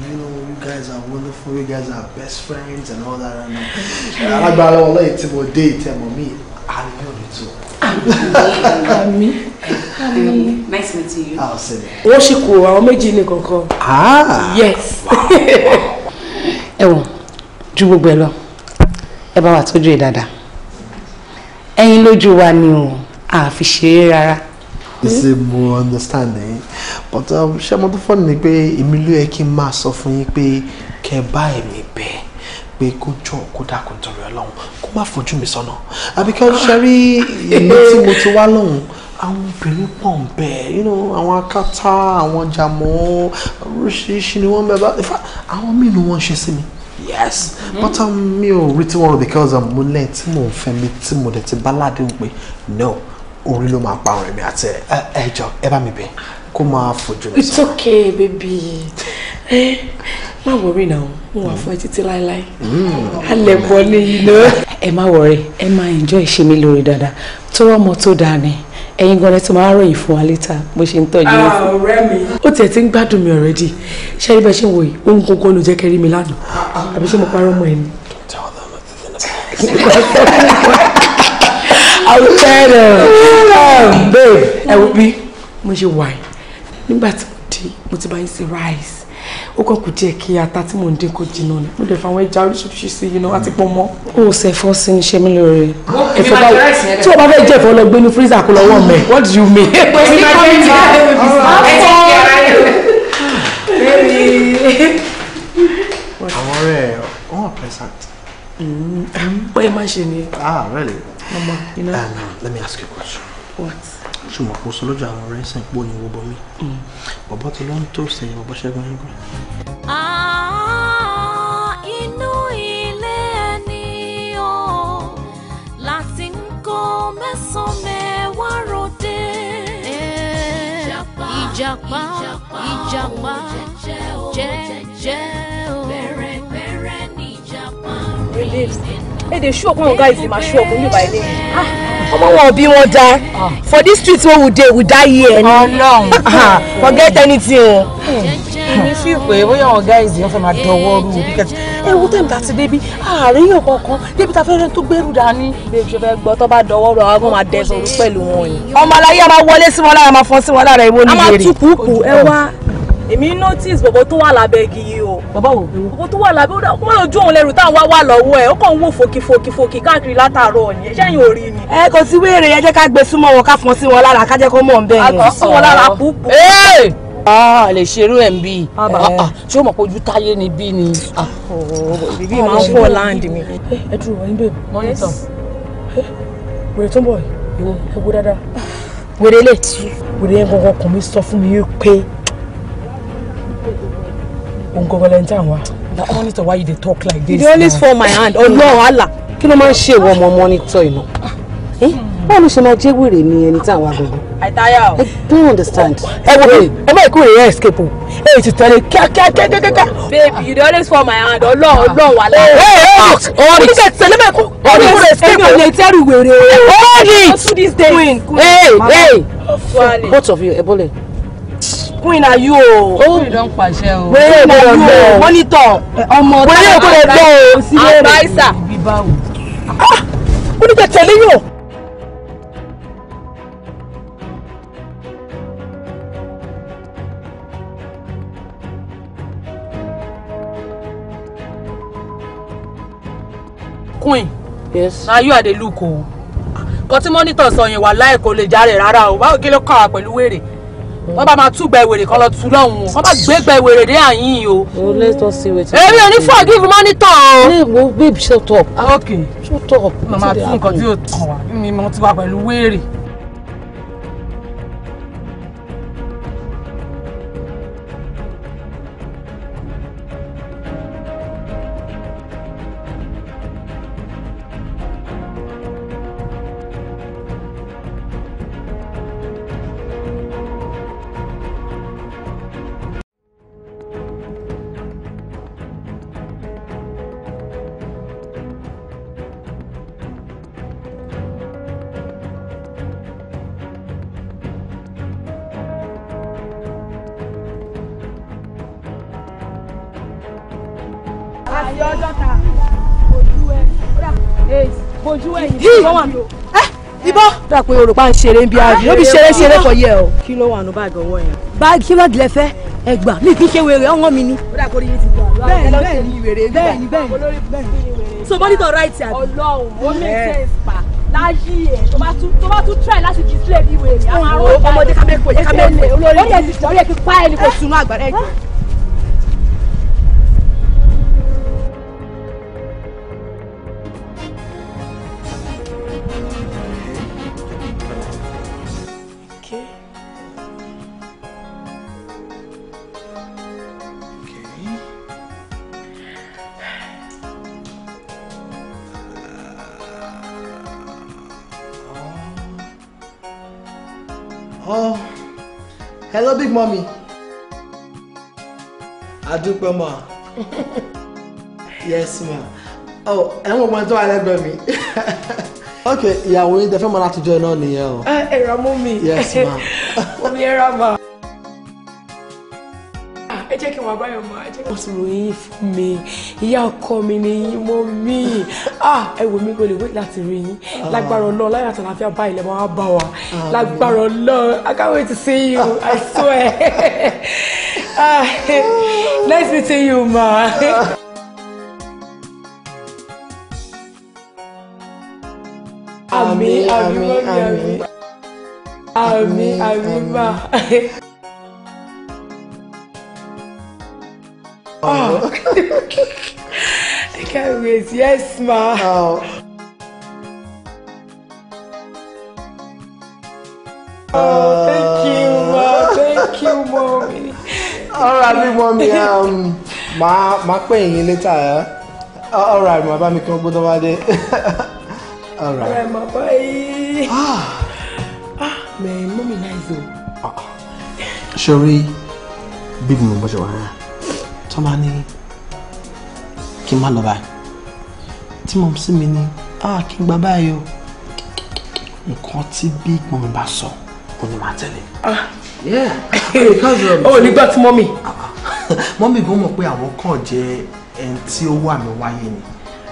know you guys are wonderful you guys are best friends and all that and uh, alágbára ọlọ́yìn tí mo me. I mi àríyànjú tó
àmì àmì nice meeting you. wọ́n ṣe kó àwọn méjì ní kankan. Ah. yes. ẹ wò ju gbogbo ẹ lọ ẹ bá wa tọ́jú ẹ dáadáa ẹ̀yin lójú wa ni o a fi ṣeré rárá.
ṣe mo understand ẹ but um, ṣé mo tó fọ́ ni pé èmi ló yẹ kí n máa sọ fún yín pé kẹ́ bá ẹ̀mí bẹ́ẹ̀ pé kó jọ kó dákun torí Ọlọ́run kó má fojú mi sọ́nà àbí kí ọdún ṣe rí ìlú tí mo ti wá lọ́hùn àwọn obìnrin pọ̀ ń bẹ̀ àwọn akátá àwọn jàmọ́ oríṣiríṣi ni wọ́n bẹ̀ bá àwọn míì ni wọ́n ṣe sí mi yes mm-hmm. but um, mi ò rí tí wọ́n rò because um, mo lẹ́yìn tí mò ń fẹ́ mi tí mo dẹ̀ ti bá ládé ń no orí ló máa pa ọ̀rẹ́ mi àti ẹ̀jọ̀ ẹ bá mi bẹ̀ kó máa fojú mi it's
okay baby ẹ eh, má wọrí náà mo wà fún ẹ títí láéláé mm. alẹ́ bọ́ ni know. ẹ má wọrí ẹ máa enjoy ṣe mí lórí dáadáa tọrọ ọmọ tó dáa ni ẹ̀yin gan-an tó máa ròyìn fún wa létà bó ṣe ń tọ́jú ẹ ah, fún. mi. ó tiẹ̀ ti ń gbádùn mi already ṣé ẹni bá ṣe ń wò yìí ohun gbogbo ló jẹ́ kẹ́rí mi lánàá àbí ṣé mo parọ́ mọ́ ẹ ni. I will tell them, um, *laughs* babe, I will be. Mo ṣe wà yìí nígbà tí mo dé mo ti bá yín ṣe rice ó kàn kù díẹ̀ kí ata tí mò ń dín kó jiná ni mo dẹ̀ fa àwọn ẹja oríṣiríṣi sí iná àti pọ̀ mọ́. o ṣe ẹ̀fọ́ sí ní ṣe mí lóore. ẹ̀fọ́ bá tí o bá fẹ́ jẹ ẹ̀fọ́ lọ gbé ní freezer kó lọ́wọ́ mẹ́ what do you mean. èmi máa ń jẹ ẹ̀fọ́.
àwọn ọ̀rẹ́ ẹ̀ wọ́n present.
bẹ́ẹ̀ mm, máa ṣe ni. ah
really. mama you know. Uh, um, no, let me ask you a question. what ṣùgbọ́n kò sọ lọ́jọ́ àwọn ọ̀rẹ́ sìn pò ní gbogbo mi mm. bàbá tó ló ń tó sẹ́yìn bàbá ṣẹ́gun ẹ̀gbọ́n.
inú ilé ẹni o láti ń kó mẹ́sàn-án mẹ́wàá ròde ìjàpá ìjàpá jẹ́jẹ́ o bẹ̀rẹ̀ bẹ̀rẹ̀ ní ìjàpá èdè ṣú ọ̀pọ̀ àwọn gáàsì ṣú ọkùnrin báyìí lẹ́yìn ọmọ wọn òbí
wọn da ah. for this street wey we dey we die here ni forget *laughs* anything o. èmi fi pé bóyá àwọn guys yẹn fẹ́ máa dọwọ́ rú bí kẹ́tì ewu tẹ̀ ń bá ti débi ààrẹ yàn kankan débi ta fẹ́rẹ́ tó gbẹ́rù dání. bí o ṣe fẹ́ gbọ́ tó bá dọwọ́ rú àwọn ọmọ máa dẹ̀sọ̀ rú pẹ̀lú wọn yìí. ọmọ aláyé a máa wọlé sí wọn lára máa fọ́n sí wọn lára ìwọ nìyẹn a máa tún ẹ wá. èmi notice bọ̀bọ̀ tó wà lábẹ́ igi yìí wo. bàbá wo. owó tó wà lábẹ́ ó wọ́n lójú òun lẹ́rù táwọn wá wà lọ́wọ́ ẹ̀ ó kàn ń wò fòkìfòkìfòkì káàkiri látàárọ̀ ni ẹ̀ṣẹ́ yìí ò rí ni. ẹ kò sí wéèrè ẹ jẹ́ ká gbé súnmọ́ wọn ká fọ́n sí wọn lára ká jẹ́ kó mọ̀ ń bẹ́ẹ̀. àgọ́ sí wọn lára púpù. Ah, lè ṣerú ẹ̀ ń bí. Ah, ah, ah, ṣé o mọ̀ pé ojú táyé ni bí ni? Bíbí máa ń fọ́ láǹdì mi. Ẹ dúró wọ́n níbẹ̀. Mọ́nítọ̀. Wèrè tó ń bọ̀ yìí, gbogbo dáadáa. Wèrè lè tí. Wèrè yẹn gangan kàn mí sọ fún mi pé òǹkọ̀ọ̀kan lẹ́yìn tí àwọn na monitor why you dey talk like this. you dey always fall my hand ọ̀nà oh, wàhálà kí ló máa ń ṣe ìwọ ọmọ monitor iná eh? báwo ló ṣe máa jẹ́ wèrè ní ẹni tí àwọn agogo. àìtáyà o. i don't understand. ẹ wo babe ẹ má ìkórè yẹn escape o ẹ ti tẹ̀lé kíákíá kíákíá. babe you dey always fall my hand ọlọ́run ah. ọlọ́run wà láàyè. Hey, ah, ẹ out ọ̀rọ̀ mi kẹ́ tẹ̀lé mẹ́ kó ọ̀rọ̀ ìkórè escape o. ẹni ò lè tẹ́rù wèrè o. hold it queen. Hey, hey, both of you ẹ bọ́lẹ̀ queen are you o. owó mi don pàṣẹ o. wẹ́rẹ́ mi don lọ o monitor ọmọ tá a bá ta advisor. ó ní kẹ́ tẹ̀lé yín o. queen. yes. na you are the look o. kọtí monitor sọ yẹn wà láì kò lè jàre rárá o báwo kí ló kàn wá wèrè wọ́n bá máa tú gba ìwèrè kan lọ tú lọ́hùn o wọ́n bá gbé gba ìwèrè dé àyín o. Oh, let us see wetin. èmi ò ní give monitor o. babe babe shut up. Ah, ok shut up. màmá tún nǹkan tí yóò kàn wá mímọ tí wà pẹ̀lú wéèrè. ayé ọjọ́ta ojú ẹ ojú ẹ yìí wà ní o. ibọ́ dà pé olùpá ń ṣeré bí àbí ló bí ṣeré ṣeré kọ yẹ o. kí ló wà ní báàgì ọwọ́ yẹn. báàgì kí ló dilẹ̀ fẹ́ ẹgbà mi kì í ṣe wèrè ọwọ́ mi ni. ó dà kó rí yín ti bọ̀ àlọ́ àti ẹlọ́sẹ̀ ní ìwèrè bẹ́ẹ̀ni bẹ́ẹ̀ni bẹ́ẹ̀ni. so body to right hand. ọlọ́run ó lè ṣe é spa láyé ẹ tó bá tún tó bá tún try láti di slave ìwé rẹ. ọmọdé kábẹ́ yẹ kábẹ́ olórí yẹ kí pa ẹni kò sunú àgbàrá
mọ́mì. àdúpẹ́ mọ́ *laughs* yes ma ọ ẹ̀wọ̀n ọmọ tó wà lẹ́gbẹ̀ẹ́ mi. *laughs* ok ìyàwó yín tẹ fẹ́ mọ́ látijọ́ iná nìyẹn o.
ẹ ẹ̀rọ mú mi. yes ma. omi ẹ̀rọ ma ṣẹ̀wọ̀n àbáyọ̀ máa jẹ́. wọ́n ti ròyìn yìí fún mi ìyá ọkọ mi ni yín mọ́ mi ah, ẹ wò mí kò lè wait láti rí yín ah. lágbára Ọlọ́run láyé àti àlàáfíà báyìí lẹ́ máa bá wa lágbára Ọlọ́run I can't wait to see you I swear *laughs* ah, *laughs* nice meeting you ma.
Ami, ami, ami.
Ami, ami, ma. *laughs* Oh. *laughs* I can't wait. Yes, ma. Oh. Oh,
thank you, ma. Thank you, mommy.
All right, mommy. *laughs*
Um, ma, ma pè yín later. Eh? Uh, all right, ma. Bá mi kàn gbọ́dọ̀ wá *laughs* All right. All right,
ma. Bye. Ah, ah, man, mommy
nice o. Ah. Ṣorí, bíbí mo bọ́ ṣe wá tó máa ní kí n má lọ báyìí tí mo sì mi ní ah kí n gba báyìí o nǹkan tí bí gbọ́n mi bá sọ kò ní máa
tẹ̀lé. ọ ah, *laughs* oh, nígbà tí mọ́mì.
*laughs* mọ́mì gan mọ̀ pé àwọn kan jẹ́ ẹni tí ó wà mí wáyé ni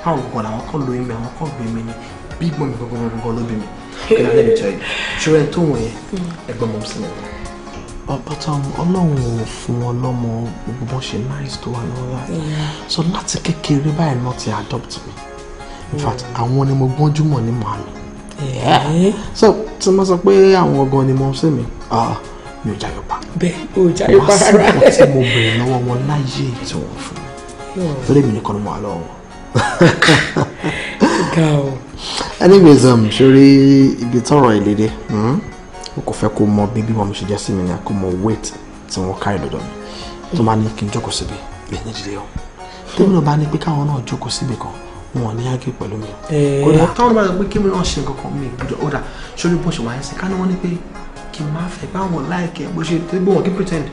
àwọn kan làwọn kan lóyún mi àwọn kan bí mi ni bí gbọ́n mi gangan gangan ló bí mi *laughs* kí ni alẹ́ mi jẹ́ yìí ṣùgbọ́n tó wọ̀nyẹn hmm. ẹgbọ́n mọ́mì sí mi bàbátà ọlọ́run ò fún wọn lọ́mọ gbogbo bọ́n ṣe nice tó wà lọ́wọ́ láì so láti kékeré báyìí náà ti adopt me. in mm. fact àwọn ni mo gbọ́njú mọ̀ ní màmí eh? so tí mo sọ pé àwọn ọgàn ni mo ń sè mí ah, mi ò
jayọ̀ pa bẹ́ẹ̀ o jayọ̀ pa rárá wá sí nǹkan tí mo bèrè
lọ́wọ́ wọn láyé tí wọ́n fún mi hmm. torí mi nìkan ni mo wà lọ́wọ́ wọn. ga o. anyways um, ṣe rí ibi tọrọ ìlédè. -hmm mo kò fẹ́ kó mọ bí bí wọn ṣe jẹ́ sí mi ni kó mọ weight tí wọ́n ká ìdọ̀dọ̀ mi tó máa ní kí n jókòó síbi lẹ́yìn ìdílé ọ tèmi náà bá ní pé káwọn náà jókòó síbi kan wọn ní yágé pẹ̀lú mi. Eh, kódà táwọn bá sọ pé kí mi náà ṣe nǹkan kan mi gbọ́dọ̀ ó sórí bó ṣe wà ẹsẹ̀ ká ní wọ́n ní pé kí n má fẹ́ báwọn láìkẹ́ bó ṣe tó gbọ́ wọn kí pretend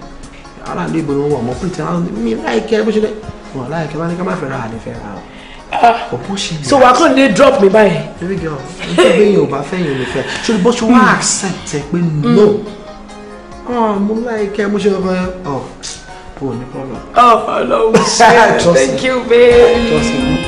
aráàlú ìbò ni wọ́n wọ̀ mọ́ pretend mi láìkẹ́ bó ṣe dẹ́ wọn láìkẹ́ bá ní ká má fẹ́ ra àdìfẹ́ ra so wa kàn dé drop me by? Baby girl, go nítorí yẹn ò bá fẹ́ yẹn nìfẹ́ ṣòro bó ṣe wá accept ẹ pé no mm. ah, mo láìkẹ́ mo ṣe lọ́kọ́ yẹn ọ̀
ò ní problem. oh ọlọ́run ṣe *laughs* thank you babe.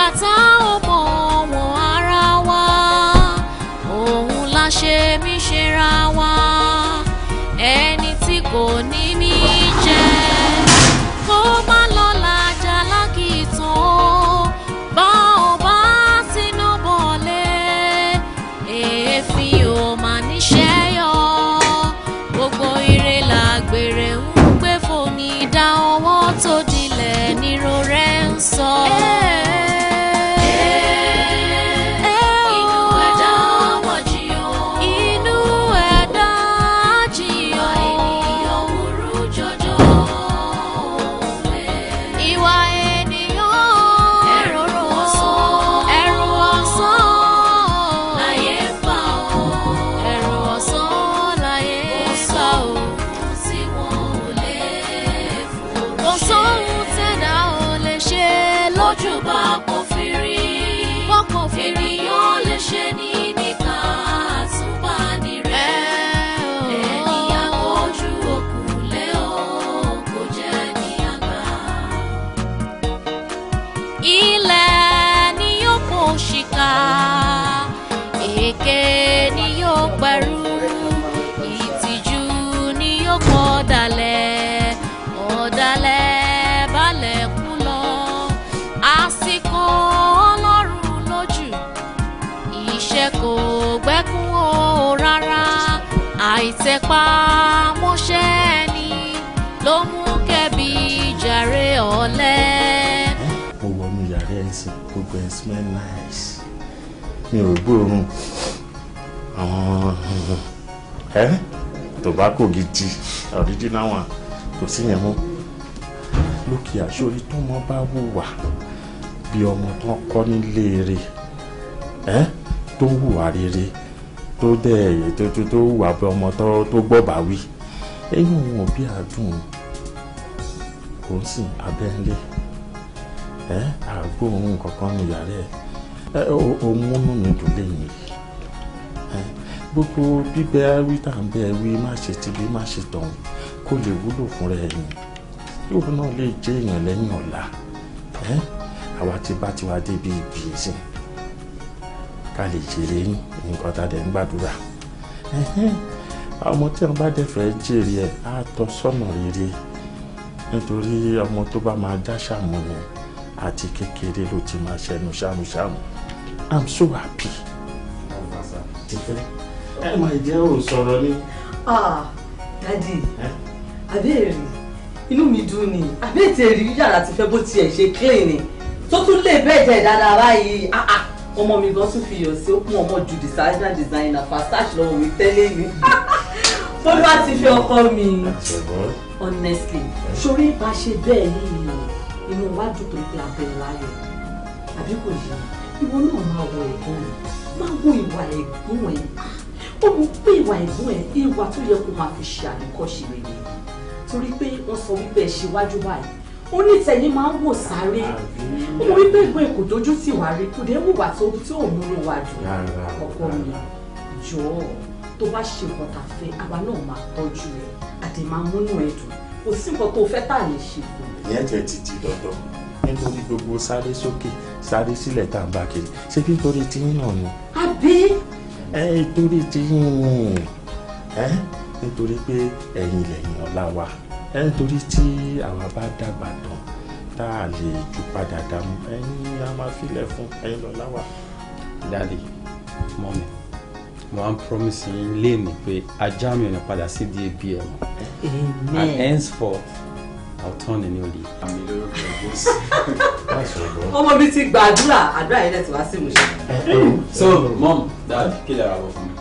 bàtà ó.
gidi original one kò sí yẹn mọ́ lókè àṣọrí tó mọ bá wùwà bí ọmọ tó ń kọ́ nílé rẹ̀ ẹ́ tó ń hùwà rere tó dẹ̀ tó tó tó hùwà bí ọmọ tó gbọ́ bá wí ẹ̀yìn òun òbí àdùn kò ń abẹ́ńlé ẹ́ àgbóhùn kankan nù ẹ̀ ẹ́ òun múnú mi dùn lẹ́yìn yìí gbogbo bíbẹ wí tà ń bẹ wí má ṣe tibí má ṣe tọ̀hún kó lè wúlò fúnra ẹni yóò náà lè jẹ́ èèyàn lẹ́yìn ọ̀la àwa ti bá tiwa débi ibi ìsìn ká lè jèrè nǹkan tá a dẹ̀ ń gbàdúrà ọmọ tí wọn bá dẹ̀ fẹ́ jèrè ẹ̀ á tọ́ sọ́nà rere nítorí ọmọ tó bá máa dá ṣàmù ni àti kékeré ló ti máa ṣẹnu ṣàmùṣàmù i'm so happy. Thank you ẹ máa jẹ́ ò sọ̀rọ̀ ni. Ah,
dadi abéèrè inú mi dùn ni àbẹ́ẹ̀tẹ̀ rí yàrá ti fẹ́ bó tiẹ̀ ṣe clean ni tó tún lè bẹ́ẹ̀ jẹ́ dáadáa báyìí ah, ah, ọmọ mi gan tún fi yọ̀ sí ó kún ọmọ ju designer designer fastache lọ́wọ́ mi tẹ́lẹ̀ mi tó *laughs* bá ti
fi ọkọ mi honestly sórí bá ṣe bẹ́ẹ̀ nìyí
inú wa dùn tó gbé abẹ́rẹ́ láyọ̀ àbí kò yẹ ìwọ náà máa wọ ẹ̀gbọ́n rẹ̀ máa wọ ìwà ẹ̀gbọ́n rẹ̀ ó mú pé ìwà ẹ̀gbọ́n ẹ̀ ìwà tó yẹ kó máa fi ṣe àríkọ́ṣe rere torí pé wọ́n sọ wípé ẹ̀ ṣíwájú báyìí ó ní ìtẹ̀yìn máa ń wò sáré ó mọ wípé ẹ̀gbọ́n ẹ̀ kò dojú tì wá rí kò dé wùwà tó tí ò múnú wa dùn ọkọ mi jọ̀ọ́ tó bá ṣe nǹkan tá a fẹ́ àwa náà máa tọ́jú ẹ̀ àti máa múnú ẹ̀ dùn kò sí nǹkan tó fẹ́ tà lè ṣe.
ìyẹn tẹ ti di dandan nítorí gbogbo sáré sókè sáré sílẹ̀ tá à ń bá kiri ṣé bí nítorí tí ń yàn ni. àbí ẹ torí ti yín ẹ nítorí pé ẹ̀yin lẹ́yìn ọ̀la wa ẹ nítorí tí àwa bá dàgbà tán tá a lè jù padà dàmú ẹ̀yin a máa filẹ̀ fún ẹ̀yin lọ́la wa. dadi
mọ́mi mo máa ń promise yín léèmí pé ajá mi ò ní padà sí di ebi ẹ̀ mọ́ and henceforth ọ̀tún ni ní olè. àmì lórúkọ jésù. ọmọ mi ti gbàdúrà
àdúrà yẹn lẹ́tọ̀ wá sí mi. Eh, eh, oh. so
mom
dad kí lè ra bọ̀ fún mi.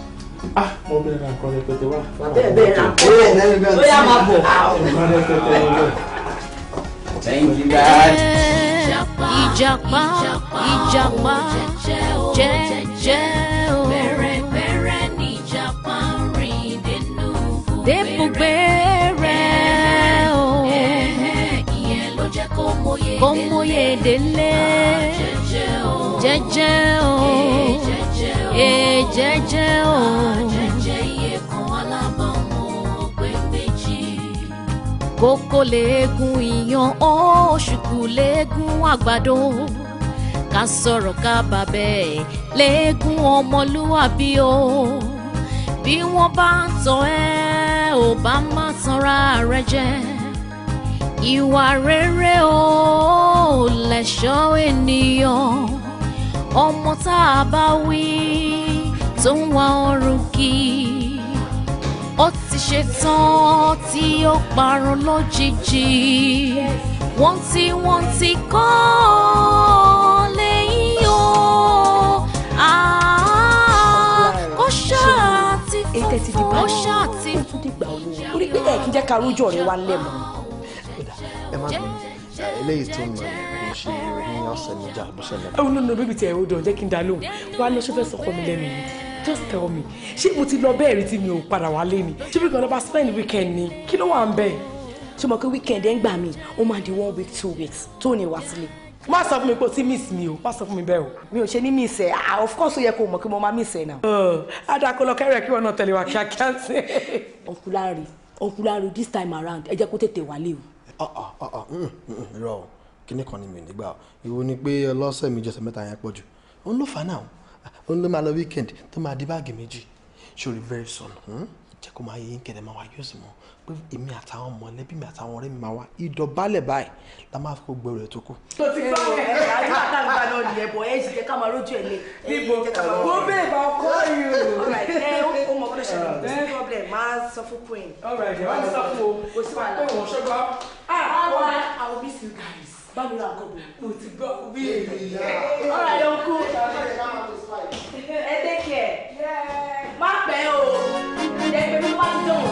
ah mo bẹ̀rẹ̀ ra nǹkan rẹpẹtẹ wá. bẹ́ẹ̀ bẹ́ẹ̀ ra nǹkan rẹpẹtẹ ó yá máa bọ̀. Ah, nǹkan rẹpẹtẹ ń bọ̀.
thank
you
dad.
ìjàpá ìjàpá jẹ́jẹ́ o. bẹ̀rẹ̀ bẹ̀rẹ̀ ni ìjàpá ń rìn dínú. dépò gbé. Ọmọyẹdẹlẹ jẹ́jẹ́ o ee jẹ́jẹ́ o. Eh, eh, kókó léegun ìyan oṣùkú léegun àgbàdo ká sọ̀rọ̀ ká bàbẹ̀ léegun ọmọlúwàbí o bí wọ́n bá ń tọ́ ẹ ò bá má tanra rẹ jẹ ìwà rere o ẹ̀ṣọ́ ènìyàn ọmọ tá a bá wí tó ń wá ọrùn kì í ó ti ṣe tán tí ó parun lójijì wọ́n ti wọ́n ti kọ́ lẹ́yìn o kó ṣáà ti fún ó ṣáà ti fún.
orí pé ẹ̀ kí jẹ́ ká rújọ́ rẹ wá lẹ̀ ẹ má bẹ̀rẹ̀
eléyìí tó ń lọ ṣe ní ọ̀sẹ̀ níjà bó ṣẹlẹ̀. oh
no no baby tiẹ̀ hold on jẹ́ kí n dá lóhùn wá lọ ṣe fẹ́ sọkọ mi lẹ́nu yìí just tell me ṣé mo ti lọ bẹ́ẹ̀ rí tí mi ò padà wálé ni ṣé bí kan lọ́ba spend weekend ni kí ló wà ń bẹ̀. ṣé mo kí weekend ẹ̀ ń gbà mí ó máa di one week two weeks tó ní wá sílé má sọ fún mi pé o ti miss mi o má sọ fún mi bẹ́ẹ̀ o. mi ò ṣe ní miss ẹ ah, of course ó yẹ kó o mọ̀ kí mo máa miss ẹ náà. Oh, adakolo kẹrẹ kí wọn náà tẹ̀lé wa kíákíá sí. ọkùnrin ọkùnrin this time around ẹ jẹ́ kó tètè wálé o. Mm, mm, mm, irọ́ o
kíní kan ni mi ò nígbà o ìwo ni pé ọlọ́sẹ̀ méjì ọ̀sẹ̀ mẹ́ta yẹn pọ̀ jù òun ló fà náà òun ló máa lọ weekend tó máa di báàgì méjì ṣòrí very soon hmm? jẹ́ kó máa yẹ yín kẹ̀dẹ̀ máa wá yóò sì mọ́ pé èmi àtàwọn mọ̀lẹ́bí mi àtàwọn ọ̀rẹ́ mi máa wá ìdọ̀bálẹ̀ báyìí la máa fi gbogbo rẹ̀ tó kù. tó
ti bá ẹ̀ ẹ̀ àdúrà tágbà náà nìyẹn bọ̀ ẹ̀ ṣì jẹ́ ká máa rójú ẹ̀ lé. níbo kò bẹ́ẹ̀ bá kọ́ yìí o. ẹ ó mọ bọ́dọ̀ ṣẹlẹ̀ kò sí problem máa sọ fún queen. ọ̀rọ̀ ẹ̀jẹ̀ wá ní sọ fún o kò sí wàhálà.
àwọn
àwọn bí sí ah, guys báwo la kọ bò ó ti gbọ́ bí èyí ọ̀rọ̀ yóò kú
ẹ dẹ́kẹ̀ má pẹ́ o ẹ̀ẹ́dẹ́gbẹ̀rún wá ti dán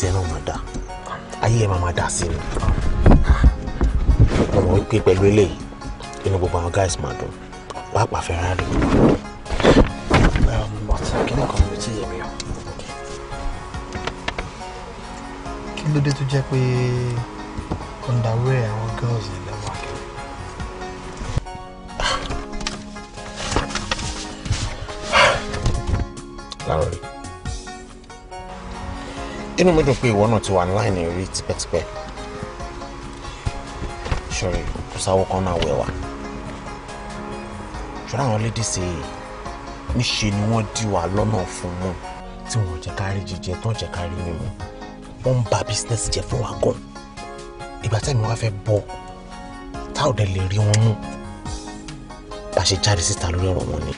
tiẹ̀ náà máa dà ayé ẹ̀ máa máa dà sí ni mo mọ̀ wípé pẹ̀lú eléyìí inú gbogbo àwọn guys máa dùn pàápàá Ferrari. Um,
kíni kan ló ti yẹ mi o. kí ló dé tó jẹ́ pé underwear àwọn girls yẹn lọ.
inú mi dùn pé ìwọ náà ti wà láìní rí tipẹ́tipẹ́ sọ̀rọ̀ kò sáwọ́ kan náà wẹ̀ wá ṣọ́ra àwọn lédè ṣe níṣe ni wọ́n dí wa lọ́nà fún mu tí wọ́n jẹ́ kárí jíjẹ tán jẹ́ kárí mímu wọ́n ń ba business jẹ́ fún wa gan ìgbà tẹ́mi wá fẹ́ bọ́
tá ò dẹ̀ lè rí wọn mú bá ṣe jáde síta lórí ọ̀rọ̀ wọn ni.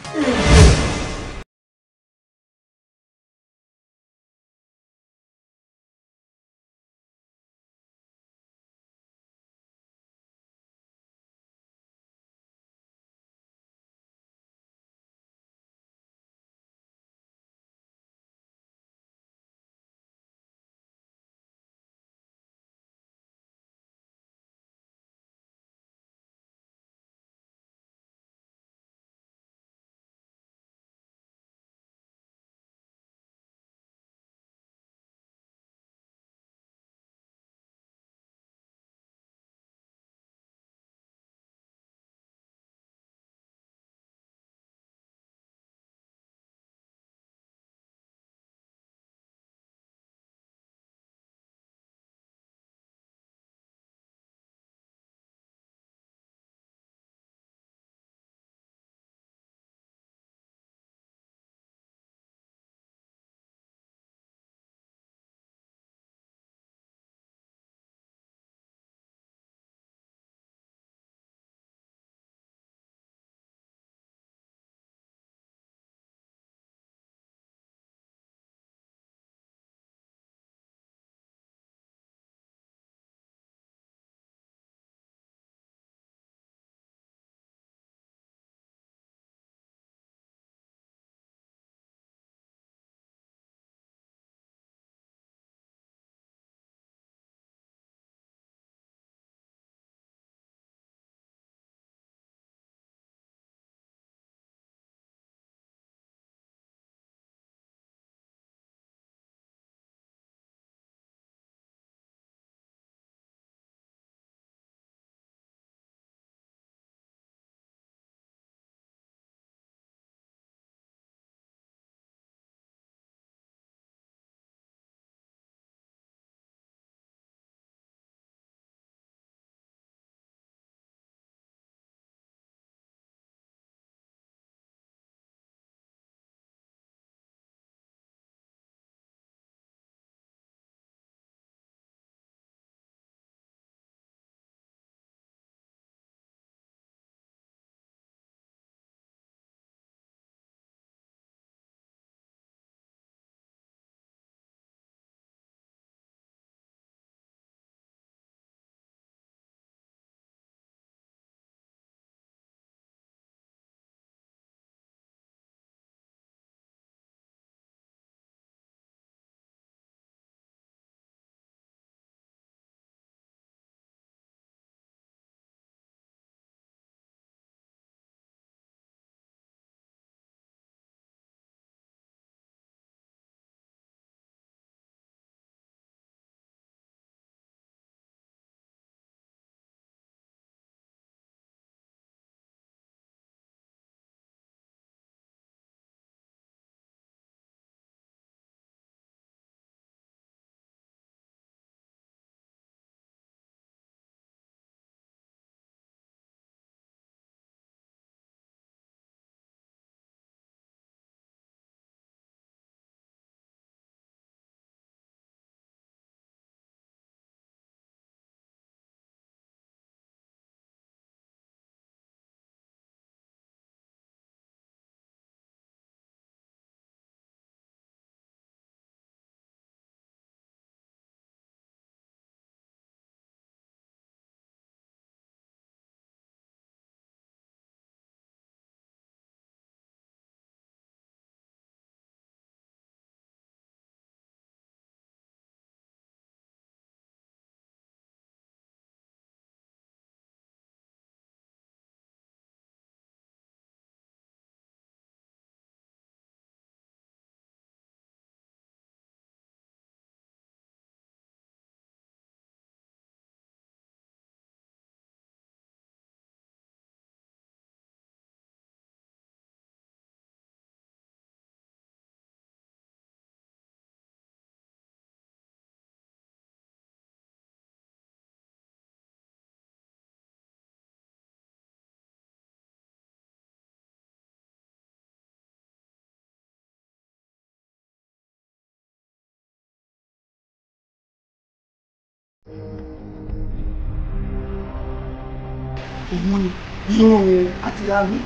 òun ni irun yẹn àti ìlànà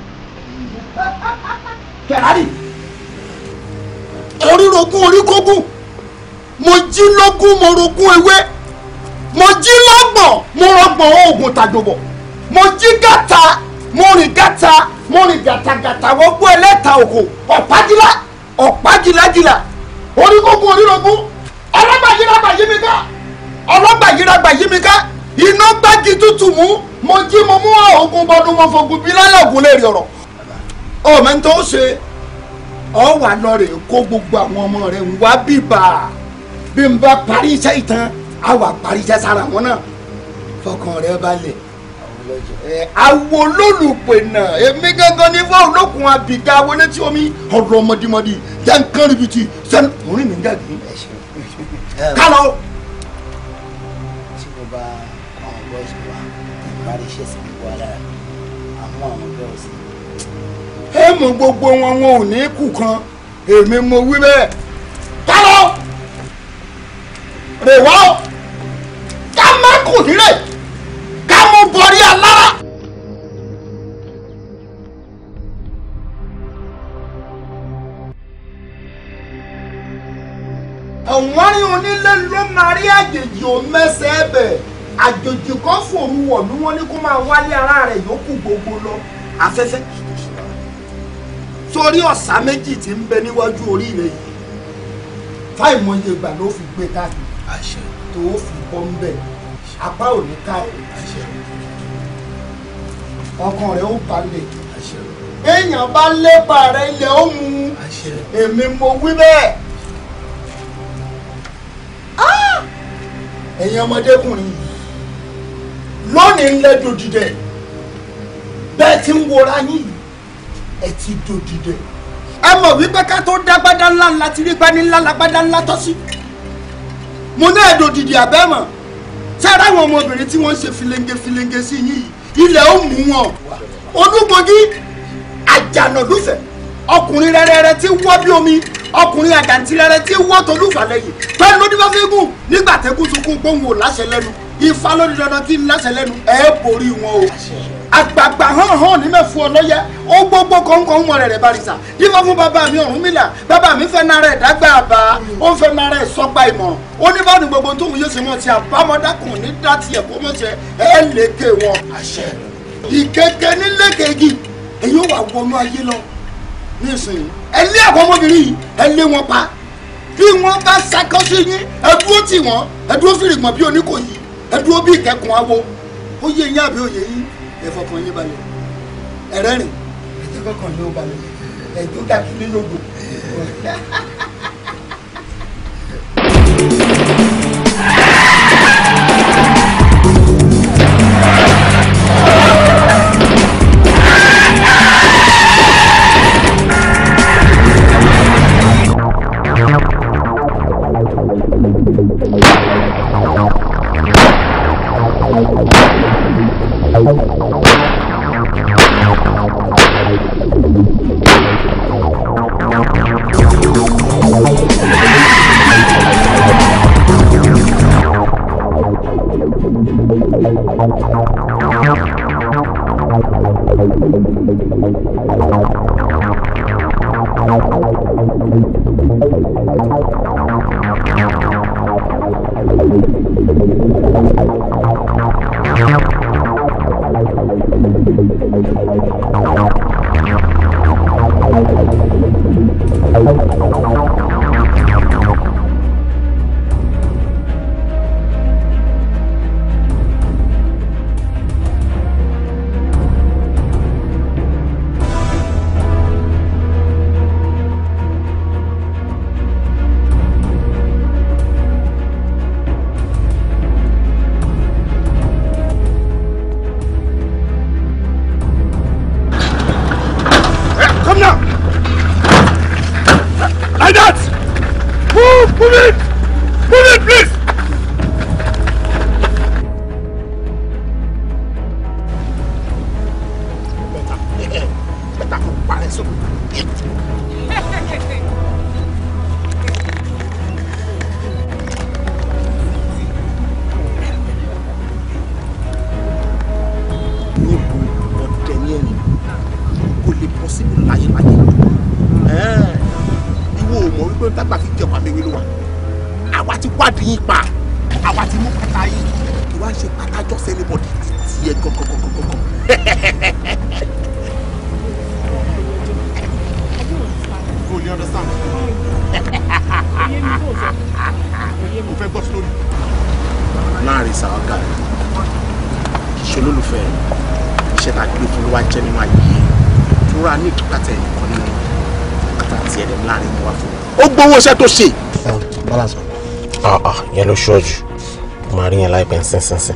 Ferrari orírogún oríkógún mo jí lógún mo rogún ewé mo jí lọ́gbọ̀n mo rọgbọ̀n oògùn tàdòbọ̀ mo jí gàtà mo rìn gàtà mo rìn gàtàgàtà wọ́gbọ́ ẹlẹ́ta òkò ọ̀pájìlá ọ̀pájìlájìlá oríkógún orírogún ọlọ́gbàyíragbàyí mi ká ọlọ́gbàyíragbàyí mi ká iná gbági tútù mú mo jí mo mú ogun bọdún mo fogun bí lálàgùn lè rí ọ̀rọ̀ ọmọ ẹni tó ń ṣe ọ wà lọ rè kó gbogbo àwọn ọmọ rẹ wá bíbà bí n bá parí iṣẹ́ ìtàn á wà parí iṣẹ́ sára wọn náà fọkàn rẹ balẹ̀
àwo lólùpẹ̀ náà èmi gángan ní fún olókun àbìdá wọlé tí omi ọ̀rọ̀ mọ̀dìmọ̀dì jẹ́ nǹkan ribiti sẹ́ni orin mi ń gàgbé kálọ̀.
parí
iṣẹ́ sí gbogbo alára àmú àwọn ọgbẹ́ ọ̀sẹ̀.
ẹ mọ gbogbo wọn wọn ò ní kú kan èmi mo wí bẹ́ẹ̀ tálọ́
rè wá ká má kù nílẹ̀ ká mú bọrí alára. àwọn onílé
ló máa rí àjèjì ò mẹ́sẹ̀ ẹ̀ bẹ̀ àjòjì kan fòru wọ̀lú wọn ní kó máa wálé ara rẹ̀ yòókù gbogbo lọ afẹ́fẹ́ torí
ọ̀sà méjì tí ń bẹ níwájú orí rẹ̀ yìí fáìmọye ìgbà ló fi gbé káàkiri tó fi bọ́ ń bẹ̀ apá ò ní káàkiri ọkàn rẹ̀ ó balẹ̀ èèyàn bá lépa rẹ̀ ilẹ̀ ó mu èmi mo wí bẹ́ẹ̀ ah! ẹ̀yin ọmọdékùnrin yìí lónìí ńlẹ́ dodidẹ bẹ́ẹ̀ ti ń wora yín yìí ẹ ti dodidẹ. ẹ mọ̀ wípé ká tó dágbádá ńlá ńlá ti rí pẹ́ni ńlá lágbádá ńlá tọ́ sí.
mo náà dodidi àbẹ́ mọ̀ sára àwọn ọmọbìnrin tí wọ́n ń ṣe filenge filenge sí yín yìí ilẹ̀ ó mú wọn. olúgbòjì àjànàlúfẹ̀ ọkùnrin rẹ̀rẹ̀rẹ̀ tí wọ́ bí omi ọkùnrin àgàntí rẹ̀rẹ̀ tí wọ́ tolúfà lẹ́yìn pẹ́ẹ́n lódìbáfẹ́gùn
nígbà tẹ́gùn sunkún gbóhùn ò láṣẹ lẹ́nu ifá lórí dandan tí ń láṣẹ lẹ́nu ẹ̀ borí wọn o àgbààgbà hàn hàn ní mẹ́fù ọlọ́yẹ ó gbogbo kọ̀ọ̀kan mọ̀ rẹ̀ rẹ̀ barisa dífá fún bàbá mi Ọ̀rúnmìlà bàbá mi fẹ́ nara ẹ̀ dágbà àbá ó ń fẹ́ nara ẹ̀ sọ́gbà ìmọ̀ràn ó
ní
báwọn gbogbo tóun yóò ṣe mọ̀ ti àbámọ́dákùn ní dátì ẹ̀ kó mọ̀ ṣe ẹ̀ lékè wọn. ìkẹkẹ nílékè igi èyí ó wà wọnú ayé lọ nísìnyí
ẹ lé àwọn ọmọbìnrin yìí ẹ lé wọn pa bí wọn bá ṣakọ sí yín ẹ dúró tì wọn ẹ dúró fìrìgbọ̀n bí oníkòyí ẹ dúró bí ìkẹkùn awo ó yé yín àbí òye yín ẹ fọkàn yín balẹ̀ ẹ̀rẹ́rìn ẹ̀jẹ̀ kọkàn yóò balẹ̀ ẹ̀jọ́ dàkí nínú odò. *laughs*
owó iṣẹ́ tó ṣe.
balance. Ah, ah, yẹn ló ṣọ́ọ̀jù màá rí yẹn láìpẹ́ ńsẹ́nsẹ́nsẹ́.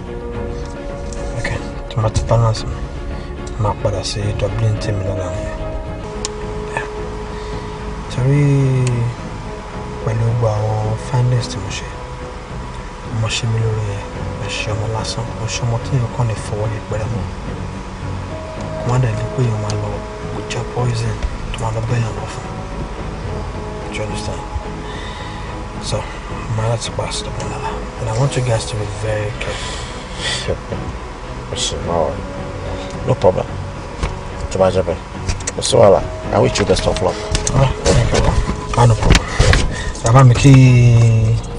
problem tó bá jẹ́ bẹ́ẹ̀ kò I wish you best of luck.
ah, ah no problem bàbá mi kí.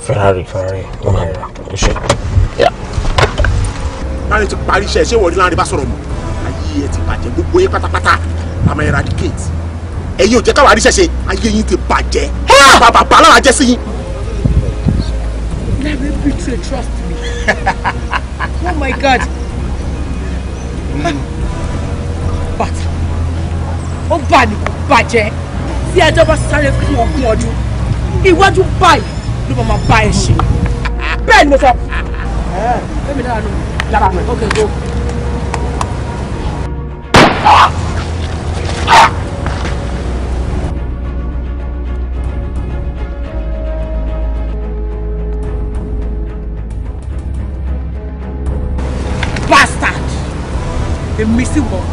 Ferrari Ferrari ọmọ rẹ ra
o ṣe.
láti ti parí iṣẹ́ ṣé wọ́n rí láàrin bá sọ̀rọ̀ mọ́ ayé ẹ ti bàjẹ́ gbogbo yín pátápátá àmọ́ eradicate ẹ̀yin ò jẹ́ káwa rí need to yín ti bàjẹ́ bàbá bàbá alára jẹ́ sí yín.
never betray trust me *laughs* oh my god. Mm ó bà ní kò bàjẹ́ tí ẹjọ́ bá sáré fún ogún ọdún iwájú báyìí ló máa bá ẹ ṣe bẹ́ẹ̀ ni mo sọ. bẹ́ẹ̀ni dára nù lára mi. ok go. bastard èmi sì wọ̀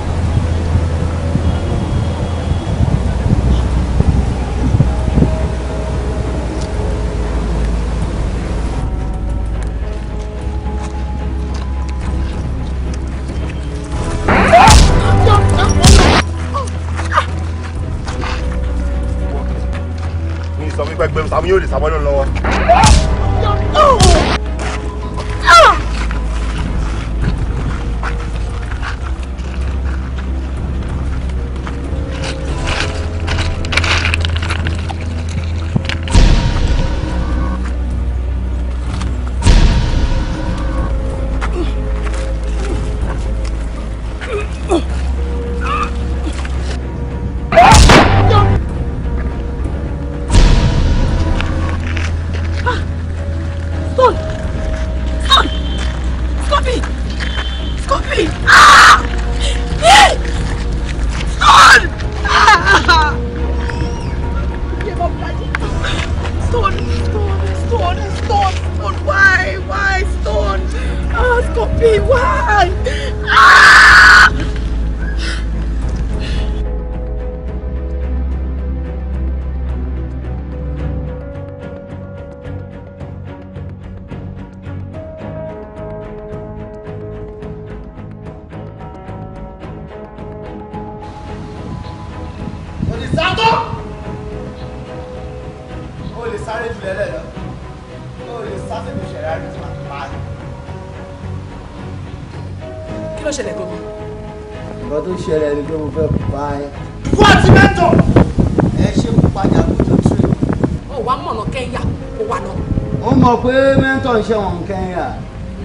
mọ̀ pé mẹ́ńtọ̀ ń ṣẹ̀wọ̀n nǹkan yà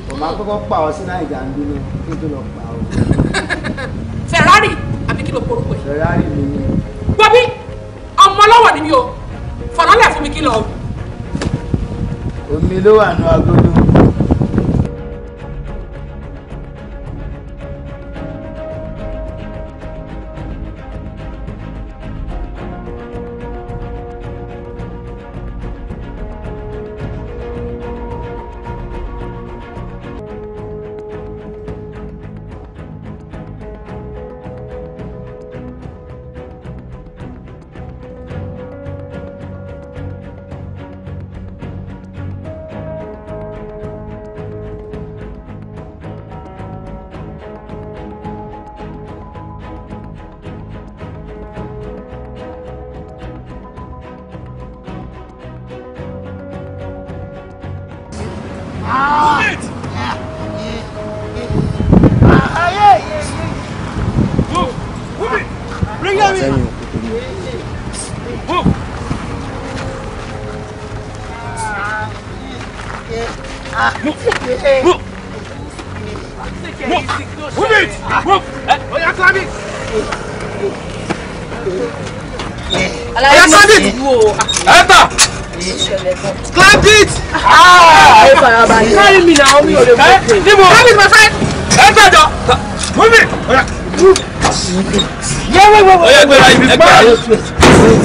kò máa kọ́kọ́ pa ọ sí náà ìjàngbé náà kí n tó lọ pa ọ.
*laughs* Ferrari àbí kí ló porúkọ yìí. Ferrari mi ni. Bọ́bí ọmọ lọ́wọ́ ni mi o fọ̀nà lẹ̀ fún mi kí lọ. omi ló wà nù agogo.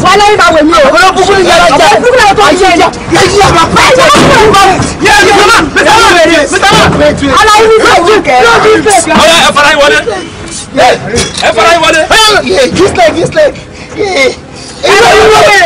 wà lẹ́yìn máa wẹ̀ mí o. ọ̀rọ̀ kúkú ni yàrá jẹ́ ọ̀rọ̀ kúkú ni yàrá jẹ́ yàrá jẹ́ yàrá bá pẹ́ yàrá jẹ́ yàrá bá pẹ́ yàrá jẹ́ yàrá bá pẹ́ yàrá jẹ́ yàrá bá pẹ́ ẹ fara yín wọlé ẹ fara yín wọlé. gíslẹ̀ gíslẹ̀ ẹ lọ́ọ́ yín wọlé.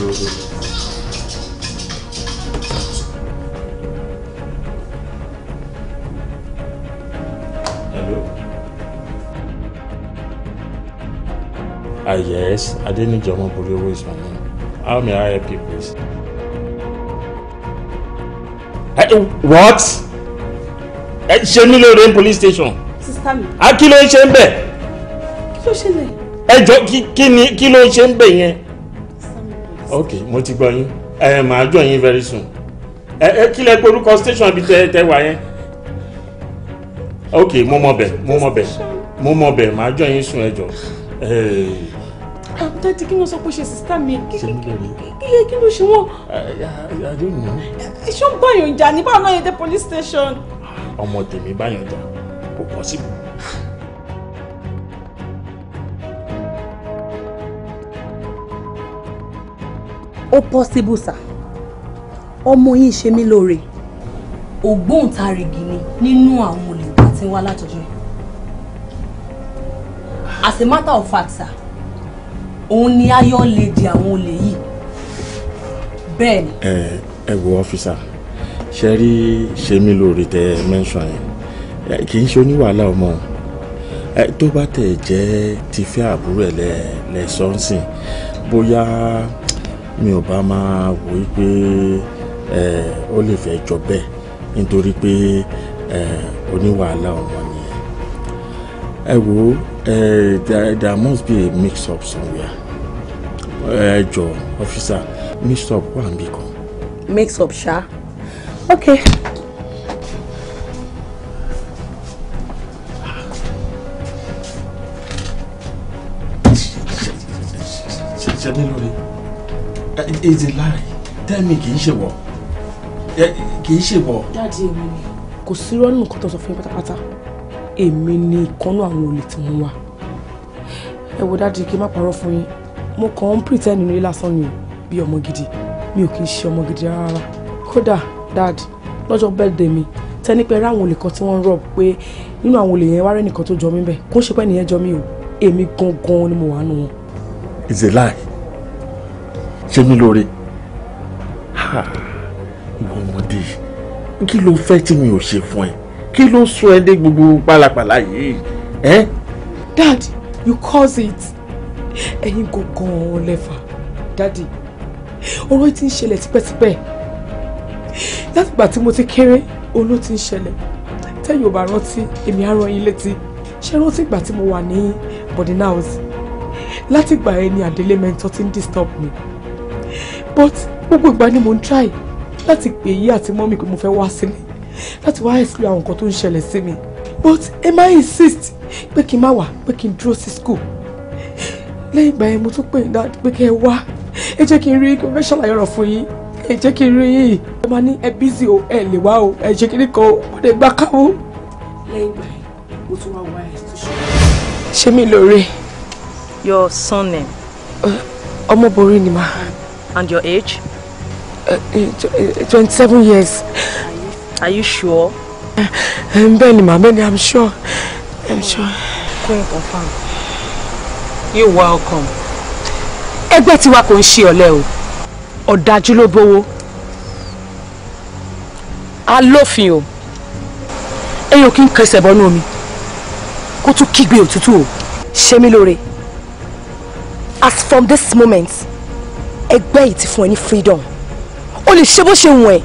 building. Hello? Ah, yes, I Adeniji Omoboriwo is my name. How may I help you, please? Hey, eh, eh, what? Ẹ ṣe mí lóore police station. Sista mi. A ah, kí ló ń ṣe ń bẹ̀? Kí ló ṣẹlẹ̀? Ẹ jọ kí ni kí ló ń ṣe ń bẹ̀ yẹn? ok mo ti gbọ́ yín ẹ màá jọ yín very soon ẹ ẹ kí lẹ porúkọ station ibi tẹ tẹ wà yẹn ok mo mọ bẹ mo mọ bẹ mo mọ bẹ màá jọ yín sùn ẹjọ.
àbúdájí kí wọ́n sọ pé ṣe sista mi kí
kí
ló ṣe wọ́n. ṣé ó ń báyọ̀ jà ní báwọn náà yẹn dé police station.
Ah, ọmọ tèmi báyọ̀ jà kò pọ̀ síbi.
ó possible sir ọmọ yìí ṣe mí lóore ògbóǹtarìgì ni nínú àwọn olè tó wá látọjọ́ as a matter of fact sir òun ni ayọ̀ lè di àwọn olè yìí bẹ́ẹ̀ ni.
ẹ ẹ wo ọfíìsà ṣe rí ṣe mí lóore tẹ ẹ mẹ́ńsàn yẹn kì í ṣe oníwàhálà ọmọ tó bá tẹ̀ jẹ́ ti àbúrò ẹ̀ lẹ́ẹ̀sọ́nsìn bóyá. Boya mi ò bá máa wò ó pé ó lè fẹ́ jọ bẹ́ẹ̀ nítorí pé oníwàhálà ọmọ nìyẹn ẹ wò there must be a mix up somewhere ẹ jọ ọfíìsà mix up wà níbìkan.
mix up ṣá Okay.
is a lie tell me kì í ṣe wọ kì í ṣe wọ.
dáàdi èmi ni kò sí rọ́ọ̀nù nǹkan tó sọ fún mi pátápátá èmi ni ìkànnú àwọn olè tí wọ́n wà ẹ wo dáàdi kí n má parọ́ fún yín mo kàn ń pretend ní lásán ni o bí ọmọ gidi mi ò kì í ṣe ọmọ gidi rárá kódà dáàdi lọ́jọ́ birthday mi tẹ́ni pé ráwọn olè kan tí wọ́n ń rọ̀ pé nínú àwọn olè yẹn wá rẹ́ nìkan tó jọ mí bẹ́ẹ̀ kó ṣe pé nìyẹn jọ mí o èmi gangan ni mo wà nù wọn.
it's a lie ṣe mí lóore ìwọ ọmọdé kí ló fẹ́ tí mi ò ṣe fún ẹ kí ló sọ ẹ dé gbogbo pálapàla yìí dad you cause it ẹ̀yin
gangan lẹfà dadi ọ̀rọ̀ yìí ti ń ṣẹlẹ̀ tipẹ́tipẹ́ látìgbà tí mo ti kéré òun ló ti ń ṣẹlẹ̀ tẹ́yìn ò bá rántí èmi á rán yín létí ṣé rántí ìgbà tí mo wà ní boarding house látìgbà ẹni àdélé mẹ́ńtọ́ ti ń disturb mi. Me but gbogbo ìgbà ni mo ń try láti pè yí àti mọ́mì pé mo fẹ́ wá sílé láti wá explain àwọn nǹkan tó ń ṣẹlẹ̀ sí mi but emma insist pé kí n má wá pé kí n dúró sí school lẹ́yìn ìgbà yẹn mo tún pè ní pé kí ẹ wá ẹ jẹ́ kí n rí kí n fẹ́ ṣàlàyé ọ̀rọ̀ fún yín ẹ jẹ́ kí n rí yín ẹ máa ní ẹ bízì o ẹ lè wá o ẹ ṣe kíní kan o mo lè gbá káwó. lẹ́yìn ìgbà yẹn mo tún wá wá ẹ ṣe. ṣé lóore. your son name. ọmọbìnrin ni màá. And your age? Uh, 27 uh, years. Are you sure? Uh, um, Bẹ́ẹ̀ ni, màmá ni, I'm sure. I'm sure. Queen confirm. You're welcome. Ẹgbẹ́ tiwa kò ń ṣe ọ̀lẹ o. Ọ̀dájú ló bówó. Alófin o. Èèyàn kì í kẹsẹ̀ bọ́nú omi. Kó tún kígbe òtútù o. Ṣé mi lóore. As from this moment ẹgbẹ́ yìí ti fún ẹ ní freedom o lè ṣe bó ṣe wọ̀n ẹ́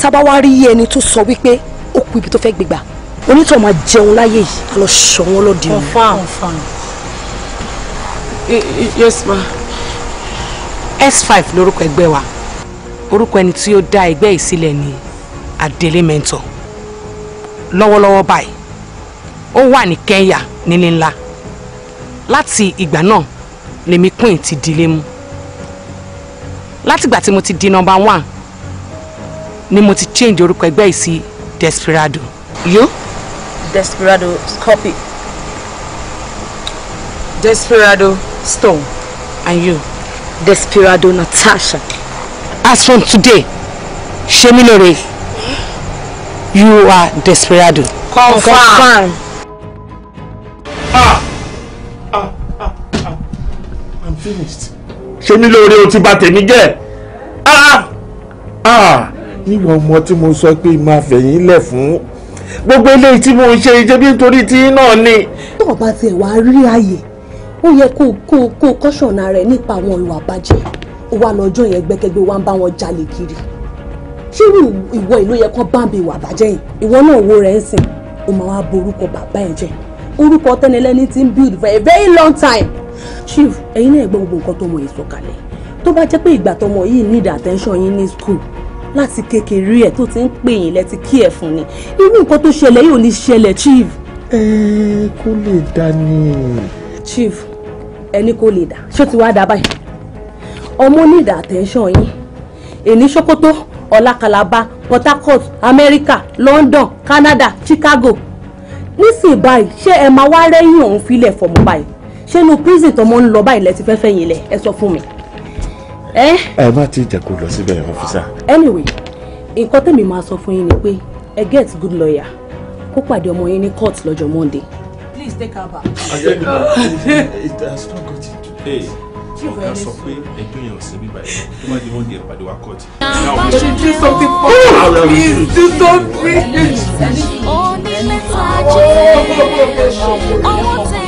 tábà wá rí ẹni tó sọ wípé ó kú ibi tó fẹ́ gbégbà onítọ̀ máa jẹun láyé yìí lọ sọ wọn lọ́dẹ òun. confam yes ma s5 lórúkọ ẹgbẹ́ wa orúkọ ẹni tí ó dá ẹgbẹ́ yìí sílẹ̀ ni Adele Mentor lọ́wọ́lọ́wọ́ báyìí ó wà ní Kenya nílé ńlá láti ìgbà náà lèmi queen ti dilé mú látìgbà tí mo ti di number one ni mo ti change orúkọ ẹgbẹ́ yìí sí Desperado yo. Desperado copy Desperado stone and you. Desperado Natasha. As from today, Shemilore, you are Desperado.
Confirm. Confirm. Ah, ah,
ah, ah. I'm finished
ṣe mí lóore o ti bà tèmi jẹ́ ah, ah! ọmọ tí mo sọ pé máa fẹ̀yìn lẹ̀ fún gbogbo eléyìí tí mo ń ṣe ìjẹ́bí nítorí tí náà ni.
tó o bá tiẹ̀ wá rí àyè ó yẹ kó kó kó kọ́ṣọ̀nà rẹ̀ nípa àwọn ìwà bàjẹ́ ó wá lọ́jọ́ yẹn gbẹ́kẹ́gbẹ́ wá ń bá wọn jalè kiri ṣé ìwọ ìlú yẹ kán bá ń ìwà bàjẹ́ yìí ìwọ náà wo rẹ̀ ń sìn ó máa wá borúkọ bàbá ẹ̀ jẹ́ orúkọ tẹ́nilẹ́ni ti ń build for a very long time chief ẹ̀yin náà gbọ́ gbogbo nǹkan tó mọ̀ yìí sọ̀kalẹ̀ tó bá jẹ́ pé ìgbà tọmọ yìí need attention yín ní school láti kékeré ẹ̀ tó ti ń pè yín lẹ́ti kí ẹ̀ fún ni irú nǹkan tó ṣẹlẹ̀ yóò ní ṣẹlẹ̀ chief. ẹ kó lè dá ni. chief ẹni kò lè dá ṣé ó ti wá dá báyìí ọmọ need attention yín èní ṣòkòtò ọ̀la Calabar Port Harcourt Amẹ́ríkà London Canada Chicago nísìnyí báyìí ṣé ẹ máa wá rẹ́yìn òun filẹ̀ fọmọ báyìí ṣé inú prison tọmọ ń lọ báyìí lẹ ti fẹ́ẹ́ fẹ̀yìn lẹ̀ ẹ sọ fún mi. ẹ
má ti jẹ́ kó lọ síbẹ̀ ọ́fíìsà.
anyway nǹkan tèmi máa sọ fún yín ni pé ẹ get good lawyer kó pàdé ọmọ yín ní court lọ́jọ́ monday. please take her back. it
has not got it today ọ̀gá sọ pé ẹjọ́ yẹn ò sí bíbá yẹn tó bá di monday ìpàdé wa court. you should do something for me please do something. onílé tajì
ọwọ́ tẹ̀.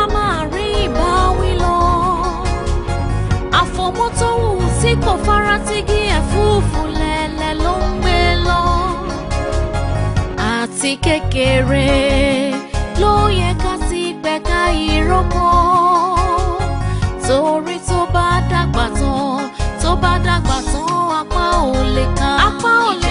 láti kékeré ló yẹ ká ti pẹ̀ka ìrókò torí tó bá dàgbà tán tó bá dàgbà tán apá ò lè ká apá ò lè.